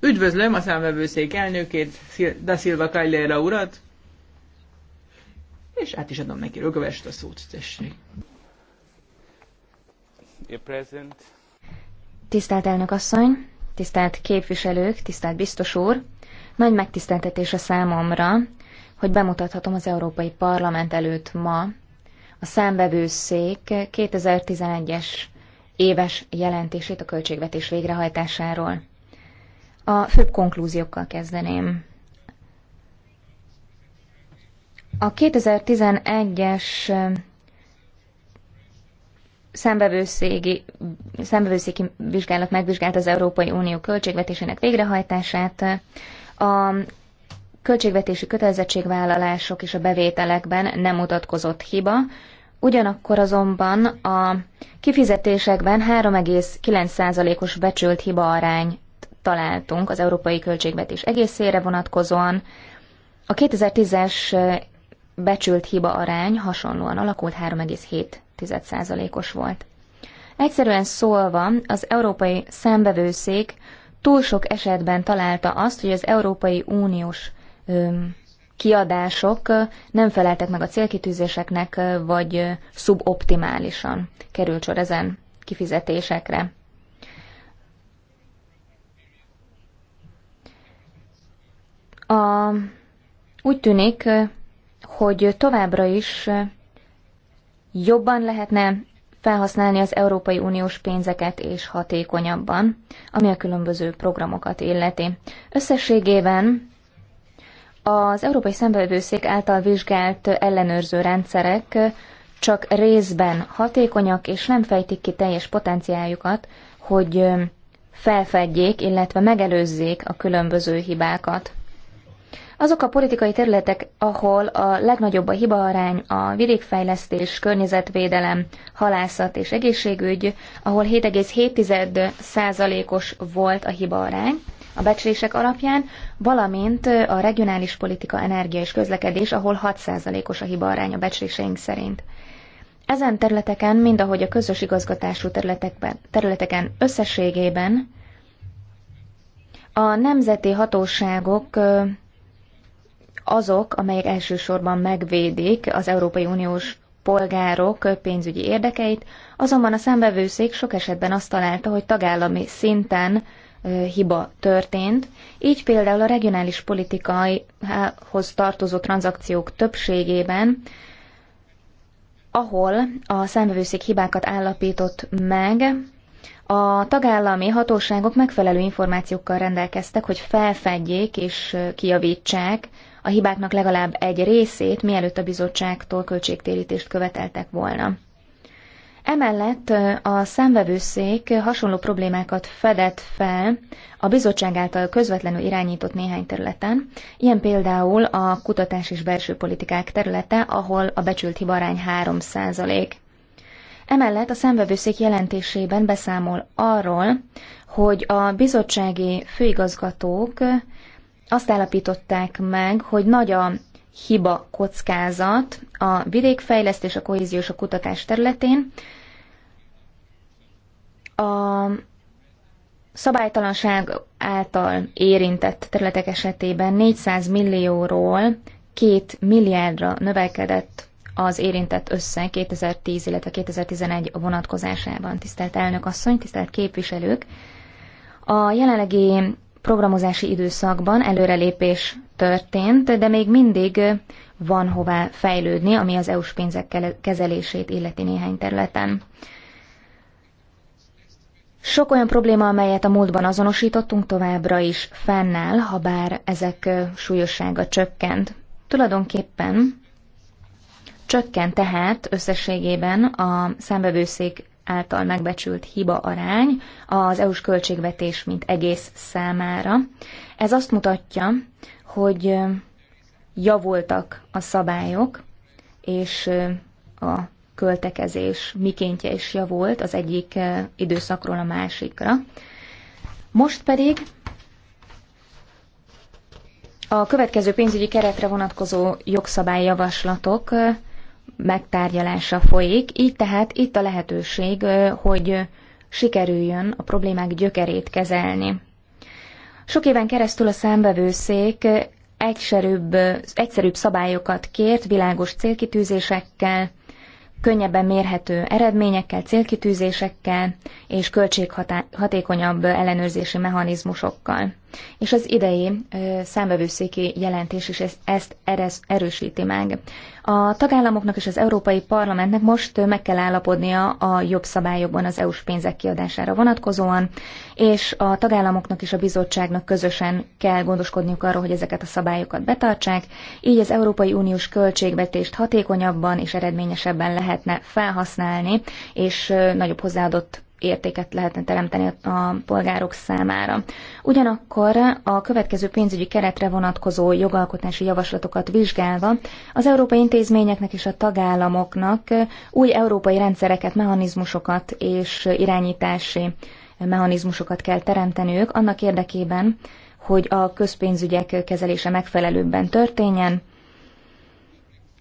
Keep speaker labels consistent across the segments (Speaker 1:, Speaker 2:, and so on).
Speaker 1: Üdvözlöm a számvevőszék elnökét, Da Silva Caillera urat, és át is adom neki rögövest a szót, tessék.
Speaker 2: Tisztelt elnök asszony, tisztelt képviselők, tisztelt biztos úr, nagy megtiszteltetés a számomra, hogy bemutathatom az Európai Parlament előtt ma a számbevőszék 2011-es éves jelentését a költségvetés végrehajtásáról. A főbb konklúziókkal kezdeném. A 2011-es eh, szembevőszéki vizsgálat megvizsgált az Európai Unió költségvetésének végrehajtását. A költségvetési kötelezettségvállalások és a bevételekben nem mutatkozott hiba, Ugyanakkor azonban a kifizetésekben 3,9%-os becsült hiba arány találtunk az európai költségvetés egészére vonatkozóan. A 2010-es becsült hiba arány hasonlóan alakult 3,7%-os volt. Egyszerűen szólva, az Európai Számbevőszék túl sok esetben találta azt, hogy az Európai Uniós öm, kiadások nem feleltek meg a célkitűzéseknek, vagy szuboptimálisan került sor ezen kifizetésekre. A, úgy tűnik, hogy továbbra is jobban lehetne felhasználni az Európai Uniós pénzeket és hatékonyabban, ami a különböző programokat illeti. Összességében az Európai Szembevőszék által vizsgált ellenőrző rendszerek csak részben hatékonyak, és nem fejtik ki teljes potenciáljukat, hogy felfedjék, illetve megelőzzék a különböző hibákat. Azok a politikai területek, ahol a legnagyobb a hibaarány a vidékfejlesztés, környezetvédelem, halászat és egészségügy, ahol 7,7%-os volt a hibaarány, a becslések alapján, valamint a regionális politika, energia és közlekedés, ahol 6%-os a hibaarány a becsléseink szerint. Ezen területeken, mind ahogy a közös igazgatású területekben, területeken összességében a nemzeti hatóságok azok, amelyek elsősorban megvédik az Európai Uniós polgárok pénzügyi érdekeit, azonban a szembevőszék sok esetben azt találta, hogy tagállami szinten hiba történt. Így például a regionális politikaihoz tartozó tranzakciók többségében, ahol a számvevőszék hibákat állapított meg, a tagállami hatóságok megfelelő információkkal rendelkeztek, hogy felfedjék és kijavítsák a hibáknak legalább egy részét, mielőtt a bizottságtól költségtérítést követeltek volna. Emellett a számvevőszék hasonló problémákat fedett fel a bizottság által közvetlenül irányított néhány területen, ilyen például a kutatás és belső politikák területe, ahol a becsült hibarány 3 Emellett a szemvevőszék jelentésében beszámol arról, hogy a bizottsági főigazgatók azt állapították meg, hogy nagy a hiba kockázat a vidékfejlesztés, a kohéziós és a kutatás területén. A szabálytalanság által érintett területek esetében 400 millióról 2 milliárdra növekedett az érintett összeg 2010, illetve 2011 vonatkozásában. Tisztelt elnök asszony, tisztelt képviselők! A jelenlegi programozási időszakban előrelépés történt, de még mindig van hová fejlődni, ami az EU-s pénzek kezelését illeti néhány területen. Sok olyan probléma, amelyet a múltban azonosítottunk, továbbra is fennáll, ha bár ezek súlyossága csökkent. Tulajdonképpen csökkent tehát összességében a számbevőszék által megbecsült hiba arány az EU-s költségvetés mint egész számára. Ez azt mutatja, hogy javultak a szabályok, és a költekezés mikéntje is javult az egyik időszakról a másikra. Most pedig a következő pénzügyi keretre vonatkozó jogszabályjavaslatok javaslatok megtárgyalása folyik, így tehát itt a lehetőség, hogy sikerüljön a problémák gyökerét kezelni. Sok éven keresztül a számbevőszék egyszerűbb, egyszerűbb szabályokat kért, világos célkitűzésekkel, könnyebben mérhető eredményekkel, célkitűzésekkel és költséghatékonyabb ellenőrzési mechanizmusokkal és az idei számövőszéki jelentés is ezt erősíti meg. A tagállamoknak és az Európai Parlamentnek most meg kell állapodnia a jobb szabályokban az EU-s pénzek kiadására vonatkozóan, és a tagállamoknak és a bizottságnak közösen kell gondoskodniuk arról, hogy ezeket a szabályokat betartsák, így az Európai Uniós költségvetést hatékonyabban és eredményesebben lehetne felhasználni, és nagyobb hozzáadott értéket lehetne teremteni a polgárok számára. Ugyanakkor a következő pénzügyi keretre vonatkozó jogalkotási javaslatokat vizsgálva az európai intézményeknek és a tagállamoknak új európai rendszereket, mechanizmusokat és irányítási mechanizmusokat kell teremteniük annak érdekében, hogy a közpénzügyek kezelése megfelelőbben történjen,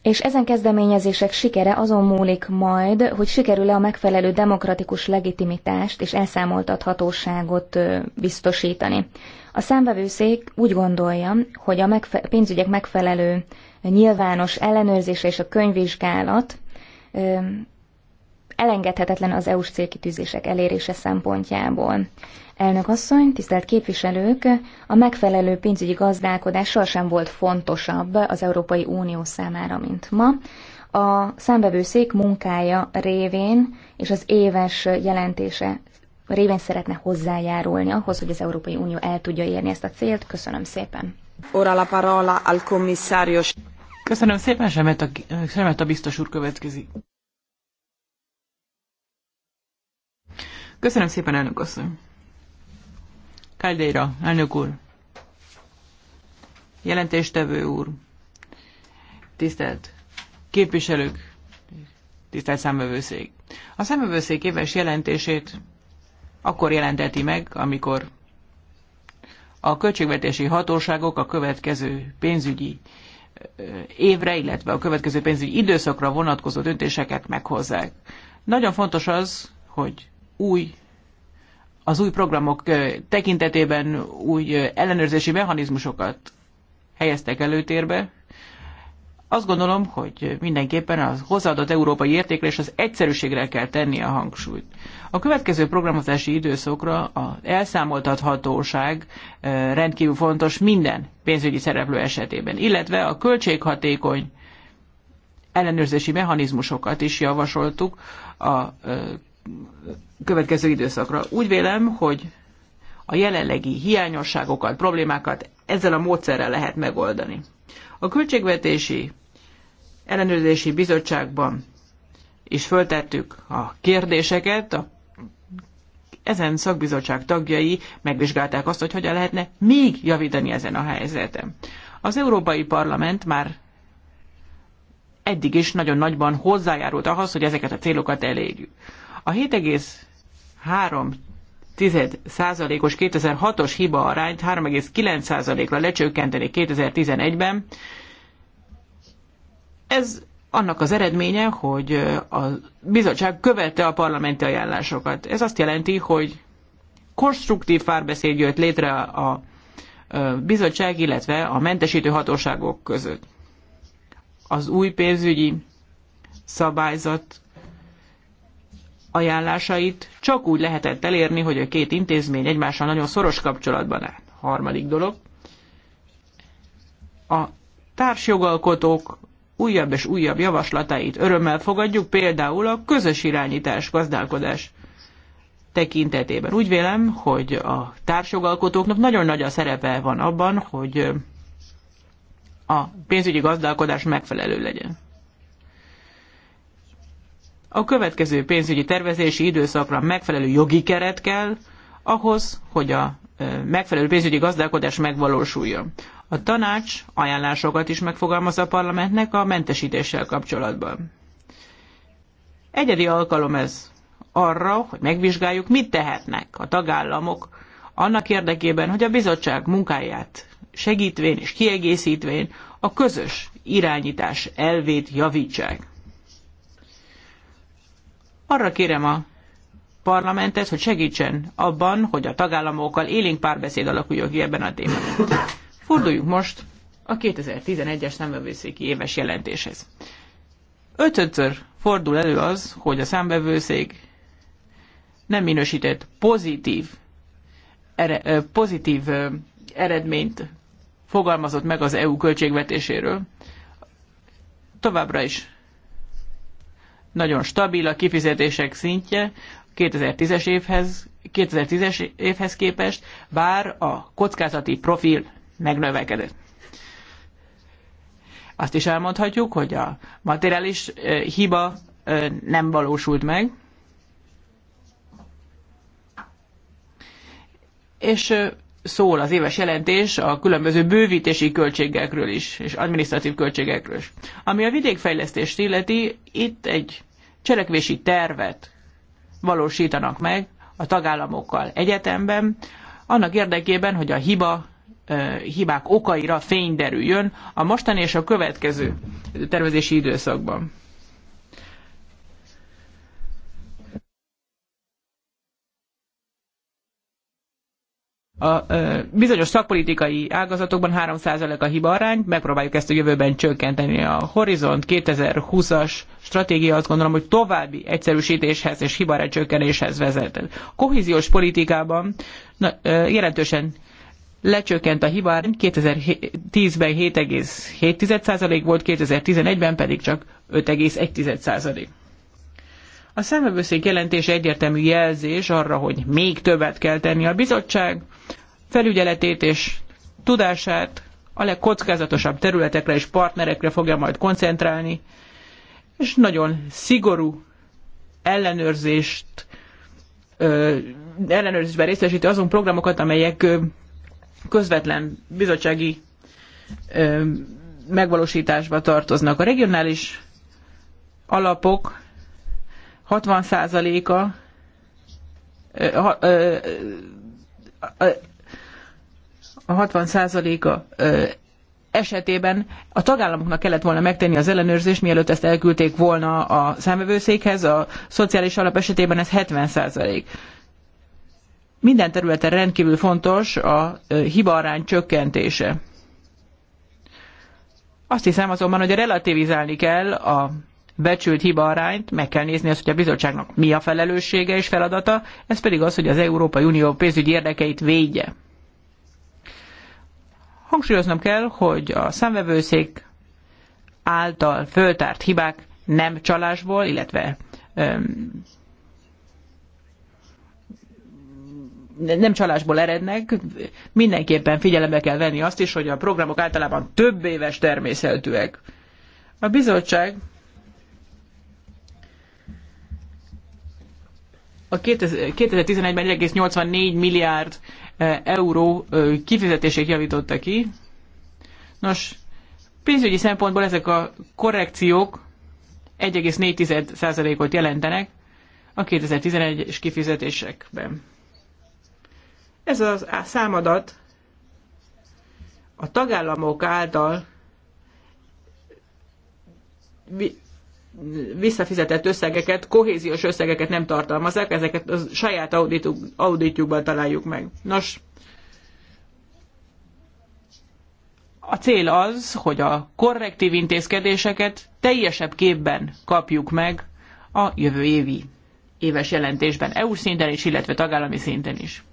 Speaker 2: és ezen kezdeményezések sikere azon múlik majd, hogy sikerül-e a megfelelő demokratikus legitimitást és elszámoltathatóságot biztosítani. A számvevőszék úgy gondolja, hogy a megfe- pénzügyek megfelelő nyilvános ellenőrzése és a könyvvizsgálat ö, elengedhetetlen az EU-s célkitűzések elérése szempontjából. Elnök asszony, tisztelt képviselők, a megfelelő pénzügyi gazdálkodás sohasem volt fontosabb az Európai Unió számára, mint ma. A számbevőszék munkája révén és az éves jelentése révén szeretne hozzájárulni ahhoz, hogy az Európai Unió el tudja érni ezt a célt. Köszönöm szépen.
Speaker 3: Ora la parola al commissario.
Speaker 1: Köszönöm szépen, Semet a, Semet a biztos úr következik. Köszönöm szépen, elnök asszony. Caldeira, elnök úr. Jelentéstevő úr. Tisztelt képviselők, tisztelt számövőszék. A számövőszék éves jelentését akkor jelenteti meg, amikor a költségvetési hatóságok a következő pénzügyi évre, illetve a következő pénzügyi időszakra vonatkozó döntéseket meghozzák. Nagyon fontos az, hogy új az új programok tekintetében új ellenőrzési mechanizmusokat helyeztek előtérbe. Azt gondolom, hogy mindenképpen az hozzáadott európai értékre és az egyszerűségre kell tenni a hangsúlyt. A következő programozási időszakra az elszámoltathatóság rendkívül fontos minden pénzügyi szereplő esetében, illetve a költséghatékony ellenőrzési mechanizmusokat is javasoltuk a következő időszakra. Úgy vélem, hogy a jelenlegi hiányosságokat, problémákat ezzel a módszerrel lehet megoldani. A Költségvetési Ellenőrzési Bizottságban is föltettük a kérdéseket, a ezen szakbizottság tagjai megvizsgálták azt, hogy hogyan lehetne még javítani ezen a helyzeten. Az Európai Parlament már eddig is nagyon nagyban hozzájárult ahhoz, hogy ezeket a célokat elérjük. A 7,3 százalékos 2006-os hiba arányt 3,9 ra lecsökkenteni 2011-ben. Ez annak az eredménye, hogy a bizottság követte a parlamenti ajánlásokat. Ez azt jelenti, hogy konstruktív párbeszéd jött létre a bizottság, illetve a mentesítő hatóságok között. Az új pénzügyi szabályzat ajánlásait csak úgy lehetett elérni, hogy a két intézmény egymással nagyon szoros kapcsolatban áll. Harmadik dolog. A társjogalkotók újabb és újabb javaslatait örömmel fogadjuk, például a közös irányítás gazdálkodás tekintetében. Úgy vélem, hogy a társjogalkotóknak nagyon nagy a szerepe van abban, hogy a pénzügyi gazdálkodás megfelelő legyen. A következő pénzügyi tervezési időszakra megfelelő jogi keret kell ahhoz, hogy a megfelelő pénzügyi gazdálkodás megvalósuljon. A tanács ajánlásokat is megfogalmaz a parlamentnek a mentesítéssel kapcsolatban. Egyedi alkalom ez arra, hogy megvizsgáljuk, mit tehetnek a tagállamok annak érdekében, hogy a bizottság munkáját segítvén és kiegészítvén a közös irányítás elvét javítsák. Arra kérem a parlamentet, hogy segítsen abban, hogy a tagállamokkal élénk párbeszéd alakuljon ki ebben a témában. Forduljunk most a 2011-es számvevőszéki éves jelentéshez. Ötödször fordul elő az, hogy a számvevőszék nem minősített pozitív, ere, pozitív eredményt fogalmazott meg az EU költségvetéséről. Továbbra is nagyon stabil a kifizetések szintje 2010-es évhez, 2010-es évhez képest, bár a kockázati profil megnövekedett. Azt is elmondhatjuk, hogy a materiális hiba nem valósult meg, és szól az éves jelentés a különböző bővítési költségekről is, és adminisztratív költségekről is. Ami a vidékfejlesztést illeti, itt egy cselekvési tervet valósítanak meg a tagállamokkal egyetemben, annak érdekében, hogy a hiba hibák okaira fény derüljön a mostani és a következő tervezési időszakban. a bizonyos szakpolitikai ágazatokban 3% a hibaarány, megpróbáljuk ezt a jövőben csökkenteni. A Horizont 2020-as stratégia azt gondolom, hogy további egyszerűsítéshez és hibarány csökkenéshez vezet. A kohéziós politikában na, jelentősen lecsökkent a hibaarány, 2010-ben 7,7% volt, 2011-ben pedig csak 5,1%. A számövőszék jelentése egyértelmű jelzés arra, hogy még többet kell tenni a bizottság, felügyeletét és tudását a legkockázatosabb területekre és partnerekre fogja majd koncentrálni, és nagyon szigorú ellenőrzést ö, ellenőrzésben részesíti azon programokat, amelyek ö, közvetlen bizottsági ö, megvalósításba tartoznak. A regionális alapok 60%-a a 60%-a esetében a tagállamoknak kellett volna megtenni az ellenőrzést, mielőtt ezt elküldték volna a számvevőszékhez, a szociális alap esetében ez 70%. Minden területen rendkívül fontos a hibaarány csökkentése. Azt hiszem azonban, hogy relativizálni kell a becsült hiba arányt, meg kell nézni azt, hogy a bizottságnak mi a felelőssége és feladata, ez pedig az, hogy az Európai Unió pénzügyi érdekeit védje. Hangsúlyoznom kell, hogy a számvevőszék által föltárt hibák nem csalásból, illetve öm, nem csalásból erednek, mindenképpen figyelembe kell venni azt is, hogy a programok általában több éves természetűek. A bizottság a 2011-ben 1,84 milliárd e, euró kifizetését javította ki. Nos, pénzügyi szempontból ezek a korrekciók 1,4%-ot jelentenek a 2011-es kifizetésekben. Ez az a számadat a tagállamok által visszafizetett összegeket, kohéziós összegeket nem tartalmazzák, ezeket a saját audituk, auditjukban találjuk meg. Nos, a cél az, hogy a korrektív intézkedéseket teljesebb képben kapjuk meg a jövő évi éves jelentésben, EU szinten is, illetve tagállami szinten is.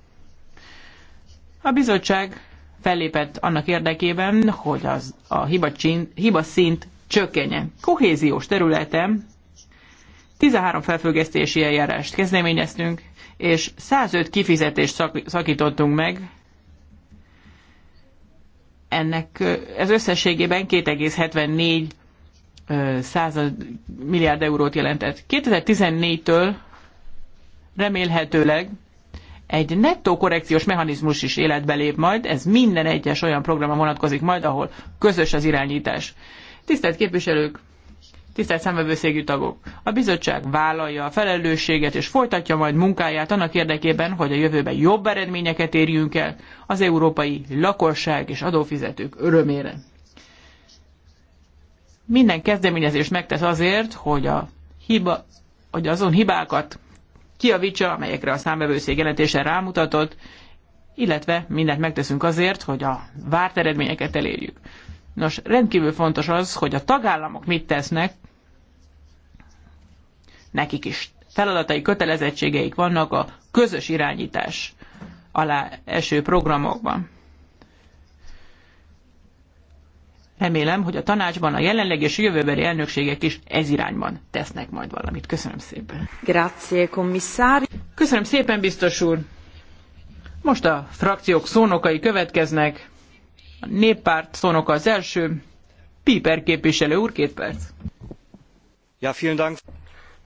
Speaker 1: A bizottság fellépett annak érdekében, hogy az, a hiba, csin, hiba szint csökkenjen. Kohéziós területen 13 felfüggesztési eljárást kezdeményeztünk, és 105 kifizetést szak, szakítottunk meg. Ennek ez összességében 2,74 század milliárd eurót jelentett. 2014-től remélhetőleg egy nettó korrekciós mechanizmus is életbe lép majd, ez minden egyes olyan programra vonatkozik majd, ahol közös az irányítás. Tisztelt képviselők, tisztelt számvevőszégű tagok, a bizottság vállalja a felelősséget és folytatja majd munkáját annak érdekében, hogy a jövőben jobb eredményeket érjünk el az európai lakosság és adófizetők örömére. Minden kezdeményezést megtesz azért, hogy, a hiba, hogy azon hibákat kiavítsa, amelyekre a számbevőszég jelentése rámutatott, illetve mindent megteszünk azért, hogy a várt eredményeket elérjük. Nos, rendkívül fontos az, hogy a tagállamok mit tesznek, nekik is feladatai, kötelezettségeik vannak a közös irányítás alá eső programokban. Remélem, hogy a tanácsban a jelenleg és jövőbeli elnökségek is ez irányban tesznek majd valamit. Köszönöm szépen. Grazie, commissári. Köszönöm szépen, biztos úr. Most a frakciók szónokai következnek. A néppárt szónoka az első. Piper képviselő úr, két perc.
Speaker 4: Ja, vielen Dank.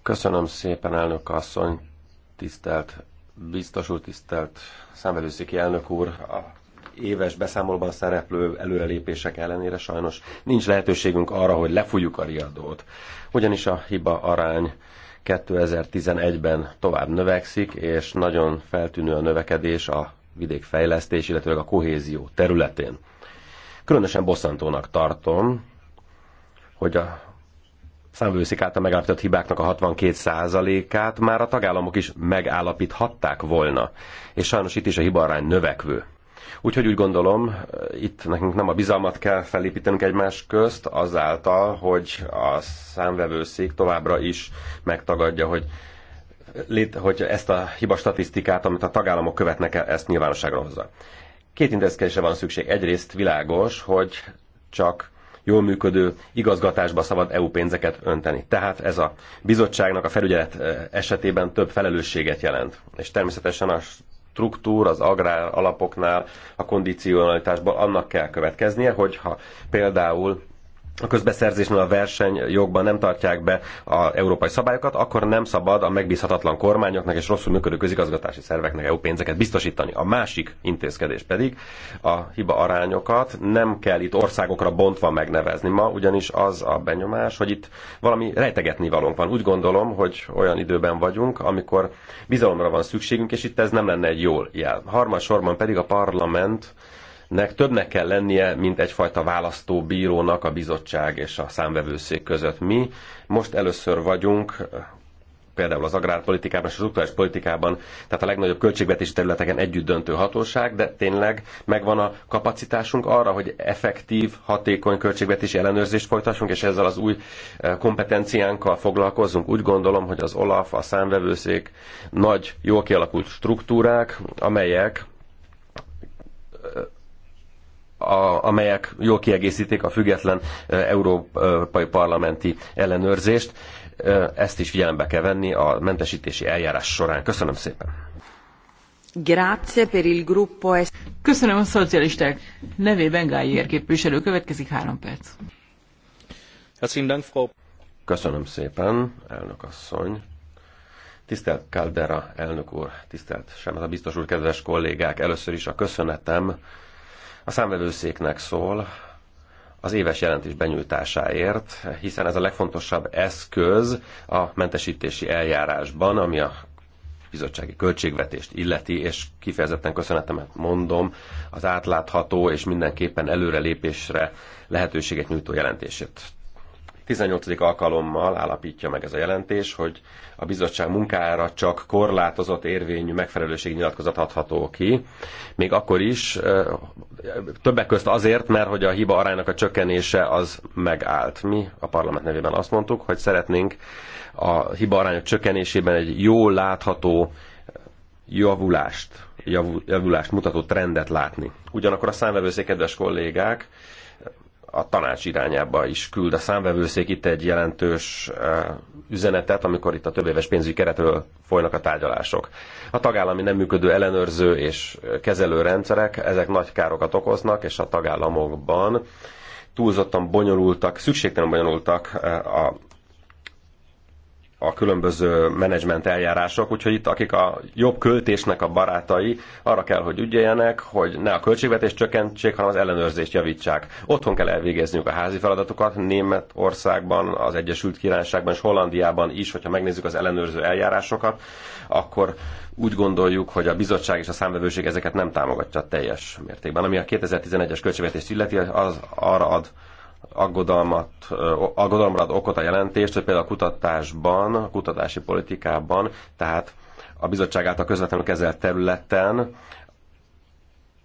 Speaker 4: Köszönöm szépen, elnök asszony, tisztelt biztos úr, tisztelt számvevőszéki elnök úr. A éves beszámolóban szereplő előrelépések ellenére sajnos nincs lehetőségünk arra, hogy lefújjuk a riadót. Ugyanis a hiba arány 2011-ben tovább növekszik, és nagyon feltűnő a növekedés a vidékfejlesztés, illetőleg a kohézió területén. Különösen bosszantónak tartom, hogy a számvőszik által megállapított hibáknak a 62%-át már a tagállamok is megállapíthatták volna, és sajnos itt is a hibarány növekvő. Úgyhogy úgy gondolom, itt nekünk nem a bizalmat kell felépítenünk egymás közt, azáltal, hogy a számvevőszék továbbra is megtagadja, hogy hogy ezt a hiba statisztikát, amit a tagállamok követnek el, ezt nyilvánosságra hozza. Két intézkedésre van szükség. Egyrészt világos, hogy csak jól működő igazgatásba szabad EU pénzeket önteni. Tehát ez a bizottságnak a felügyelet esetében több felelősséget jelent. És természetesen a struktúr, az agrár alapoknál, a kondicionalitásban annak kell következnie, hogyha például a közbeszerzésnél a jogban nem tartják be a európai szabályokat, akkor nem szabad a megbízhatatlan kormányoknak és rosszul működő közigazgatási szerveknek EU pénzeket biztosítani. A másik intézkedés pedig a hiba arányokat nem kell itt országokra bontva megnevezni. Ma ugyanis az a benyomás, hogy itt valami rejtegetni valónk van. Úgy gondolom, hogy olyan időben vagyunk, amikor bizalomra van szükségünk, és itt ez nem lenne egy jól jel. Harmadsorban pedig a parlament nek többnek kell lennie, mint egyfajta választó bírónak a bizottság és a számvevőszék között. Mi most először vagyunk, például az agrárpolitikában és az utolás politikában, tehát a legnagyobb költségvetési területeken együtt döntő hatóság, de tényleg megvan a kapacitásunk arra, hogy effektív, hatékony költségvetési ellenőrzést folytassunk, és ezzel az új e, kompetenciánkkal foglalkozzunk. Úgy gondolom, hogy az OLAF, a számvevőszék nagy, jól kialakult struktúrák, amelyek a, amelyek jól kiegészítik a független európai parlamenti ellenőrzést. Ezt is figyelembe kell venni a mentesítési eljárás során. Köszönöm szépen.
Speaker 1: Grazie per il gruppo es- Köszönöm a szocialisták. Nevében Gájer képviselő következik három perc.
Speaker 4: Köszönöm szépen, elnök asszony. Tisztelt Caldera elnök úr, tisztelt Semmet a biztos úr, kedves kollégák, először is a köszönetem a számvevőszéknek szól az éves jelentés benyújtásáért, hiszen ez a legfontosabb eszköz a mentesítési eljárásban, ami a bizottsági költségvetést illeti, és kifejezetten köszönetemet mondom az átlátható és mindenképpen előrelépésre lehetőséget nyújtó jelentését. 18. alkalommal állapítja meg ez a jelentés, hogy a bizottság munkára csak korlátozott érvényű nyilatkozat adható ki, még akkor is többek közt azért, mert hogy a hiba aránynak a csökkenése az megállt. Mi a parlament nevében azt mondtuk, hogy szeretnénk a hiba arányok csökkenésében egy jól látható javulást, javulást mutató trendet látni. Ugyanakkor a számvevőszék, kedves kollégák, a tanács irányába is küld. A számvevőszék itt egy jelentős eh, üzenetet, amikor itt a több éves pénzügyi keretről folynak a tárgyalások. A tagállami nem működő ellenőrző és kezelő rendszerek, ezek nagy károkat okoznak, és a tagállamokban túlzottan bonyolultak, szükségtelen bonyolultak eh, a a különböző menedzsment eljárások, úgyhogy itt akik a jobb költésnek a barátai, arra kell, hogy ügyeljenek, hogy ne a költségvetés csökkentsék, hanem az ellenőrzést javítsák. Otthon kell elvégezniük a házi feladatokat, Németországban, az Egyesült Királyságban és Hollandiában is, hogyha megnézzük az ellenőrző eljárásokat, akkor úgy gondoljuk, hogy a bizottság és a számvevőség ezeket nem támogatja teljes mértékben. Ami a 2011-es költségvetést illeti, az arra ad aggodalmat, aggodalomra ad okot a jelentést, hogy például a kutatásban, a kutatási politikában, tehát a bizottság által közvetlenül kezelt területen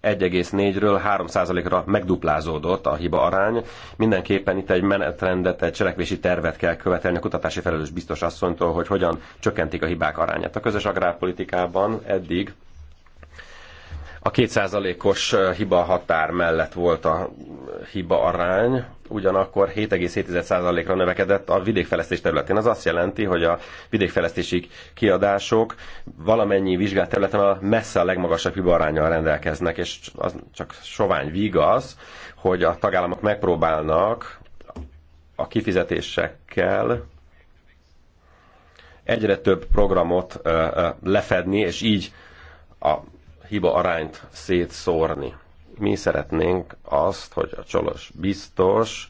Speaker 4: 1,4-ről 3%-ra megduplázódott a hiba arány. Mindenképpen itt egy menetrendet, egy cselekvési tervet kell követelni a kutatási felelős biztos asszonytól, hogy hogyan csökkentik a hibák arányát. A közös agrárpolitikában eddig a kétszázalékos hiba határ mellett volt a hiba arány, ugyanakkor 7,7%-ra növekedett a vidékfejlesztés területén. Az azt jelenti, hogy a vidékfejlesztési kiadások valamennyi vizsgált területen a messze a legmagasabb hibarányjal rendelkeznek, és az csak sovány vígaz, hogy a tagállamok megpróbálnak a kifizetésekkel egyre több programot lefedni, és így a hiba arányt szétszórni. Mi szeretnénk azt, hogy a Csolos biztos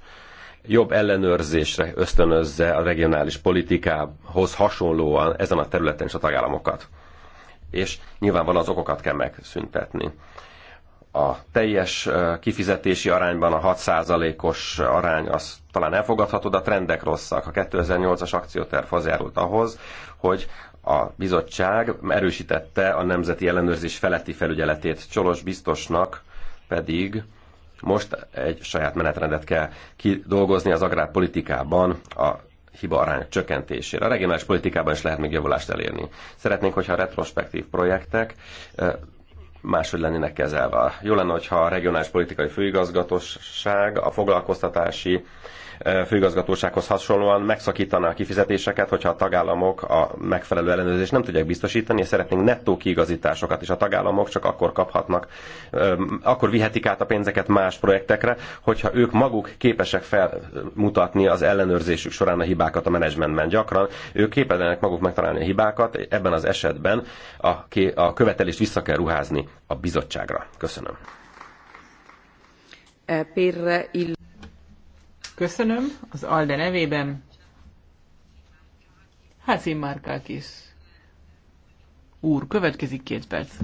Speaker 4: jobb ellenőrzésre ösztönözze a regionális politikához hasonlóan ezen a területen is a tagállamokat. És nyilvánvalóan az okokat kell megszüntetni. A teljes kifizetési arányban a 6%-os arány az talán elfogadható, de a trendek rosszak. A 2008-as akcióterv hozzájárult ahhoz, hogy a bizottság erősítette a nemzeti ellenőrzés feletti felügyeletét. Csolos biztosnak pedig most egy saját menetrendet kell kidolgozni az agrárpolitikában a hiba arány csökkentésére. A regionális politikában is lehet még javulást elérni. Szeretnénk, hogyha a retrospektív projektek máshogy lennének kezelve. Jó lenne, hogyha a regionális politikai főigazgatóság, a foglalkoztatási E, főigazgatósághoz hasonlóan megszakítaná a kifizetéseket, hogyha a tagállamok a megfelelő ellenőrzést nem tudják biztosítani, és szeretnénk nettó kiigazításokat, és a tagállamok csak akkor kaphatnak, e, akkor vihetik át a pénzeket más projektekre, hogyha ők maguk képesek felmutatni az ellenőrzésük során a hibákat a menedzsmentben. Gyakran ők képtelenek maguk megtalálni a hibákat, ebben az esetben a, a követelést vissza kell ruházni a bizottságra. Köszönöm.
Speaker 1: Eh, per il Köszönöm az ALDE nevében. Házi is. úr, következik két perc.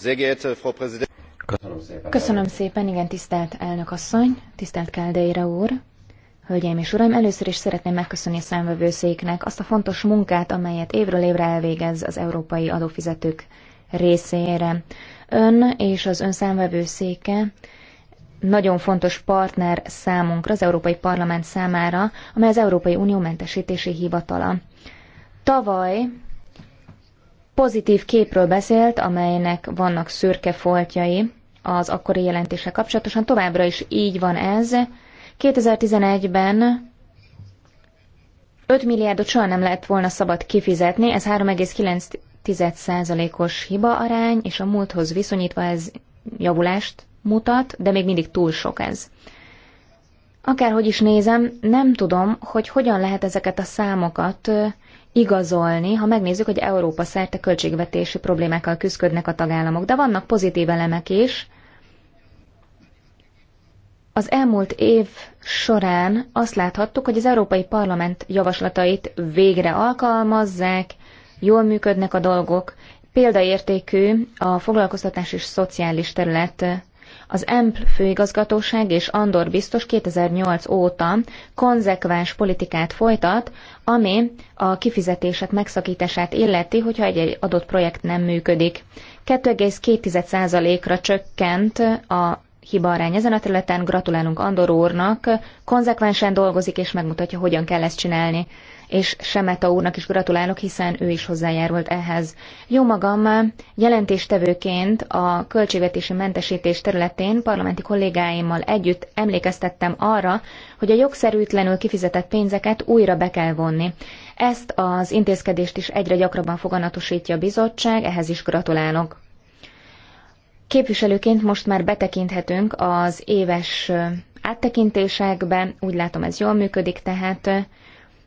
Speaker 1: Köszönöm szépen. Köszönöm szépen, igen,
Speaker 2: tisztelt elnök asszony, tisztelt Káldeira úr. Hölgyeim és uraim, először is szeretném megköszönni a számvevőszéknek azt a fontos munkát, amelyet évről évre elvégez az európai adófizetők részére. Ön és az ön számvevőszéke nagyon fontos partner számunkra, az Európai Parlament számára, amely az Európai Unió mentesítési hivatala. Tavaly pozitív képről beszélt, amelynek vannak szürke foltjai az akkori jelentése kapcsolatosan. Továbbra is így van ez. 2011-ben 5 milliárdot soha nem lett volna szabad kifizetni, ez 3,9%-os hiba arány, és a múlthoz viszonyítva ez javulást mutat, de még mindig túl sok ez. Akárhogy is nézem, nem tudom, hogy hogyan lehet ezeket a számokat igazolni, ha megnézzük, hogy Európa szerte költségvetési problémákkal küzdködnek a tagállamok, de vannak pozitív elemek is. Az elmúlt év során azt láthattuk, hogy az Európai Parlament javaslatait végre alkalmazzák, jól működnek a dolgok, példaértékű a foglalkoztatás és szociális terület az EMPL főigazgatóság és Andor biztos 2008 óta konzekvens politikát folytat, ami a kifizetések megszakítását illeti, hogyha egy, -egy adott projekt nem működik. 2,2%-ra csökkent a hibaarány ezen a területen. Gratulálunk Andor úrnak, konzekvensen dolgozik és megmutatja, hogyan kell ezt csinálni és Semeta úrnak is gratulálok, hiszen ő is hozzájárult ehhez. Jó magam, jelentéstevőként a költségvetési mentesítés területén parlamenti kollégáimmal együtt emlékeztettem arra, hogy a jogszerűtlenül kifizetett pénzeket újra be kell vonni. Ezt az intézkedést is egyre gyakrabban foganatosítja a bizottság, ehhez is gratulálok. Képviselőként most már betekinthetünk az éves áttekintésekbe, úgy látom ez jól működik, tehát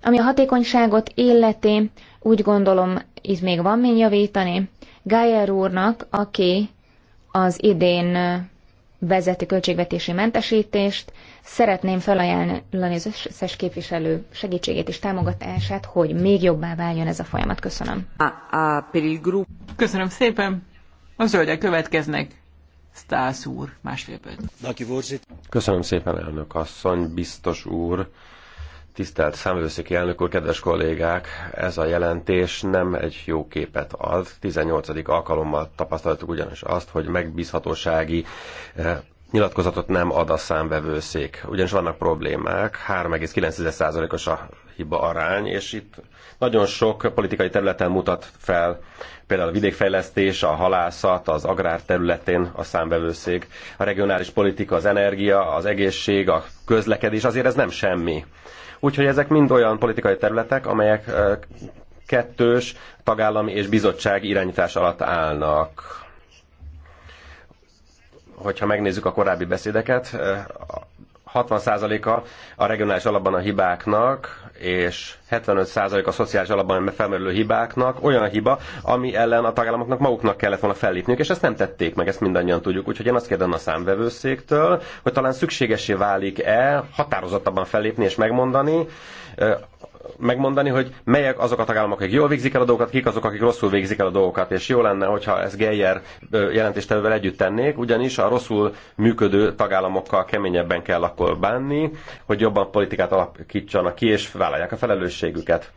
Speaker 2: ami a hatékonyságot illeti, úgy gondolom, itt még van még javítani. Gájer úrnak, aki az idén vezeti költségvetési mentesítést, szeretném felajánlani az összes képviselő segítségét és támogatását, hogy még jobbá váljon ez a folyamat. Köszönöm.
Speaker 1: A, a Köszönöm szépen. A zöldek következnek. Stász úr, másfél
Speaker 4: perc. Köszönöm szépen, elnök asszony, biztos úr. Tisztelt számvőszéki elnök úr, kedves kollégák, ez a jelentés nem egy jó képet ad. 18. alkalommal tapasztaltuk ugyanis azt, hogy megbízhatósági eh, nyilatkozatot nem ad a számvevőszék. Ugyanis vannak problémák, 3,9%-os a hiba arány, és itt nagyon sok politikai területen mutat fel, például a vidékfejlesztés, a halászat, az agrár területén a számvevőszék, a regionális politika, az energia, az egészség, a közlekedés, azért ez nem semmi. Úgyhogy ezek mind olyan politikai területek, amelyek kettős tagállami és bizottság irányítás alatt állnak. Hogyha megnézzük a korábbi beszédeket, 60%-a a regionális alapban a hibáknak, és 75% a szociális alapban felmerülő hibáknak olyan hiba, ami ellen a tagállamoknak maguknak kellett volna fellépniük, és ezt nem tették meg, ezt mindannyian tudjuk. Úgyhogy én azt kérdem a számvevőszéktől, hogy talán szükségesé válik-e határozottabban fellépni és megmondani, megmondani, hogy melyek azok a tagállamok, akik jól végzik el a dolgokat, kik azok, akik rosszul végzik el a dolgokat. És jó lenne, hogyha ezt Geyer jelentéstevővel együtt tennék, ugyanis a rosszul működő tagállamokkal keményebben kell akkor bánni, hogy jobban politikát alakítsanak ki, és vállalják a felelősségüket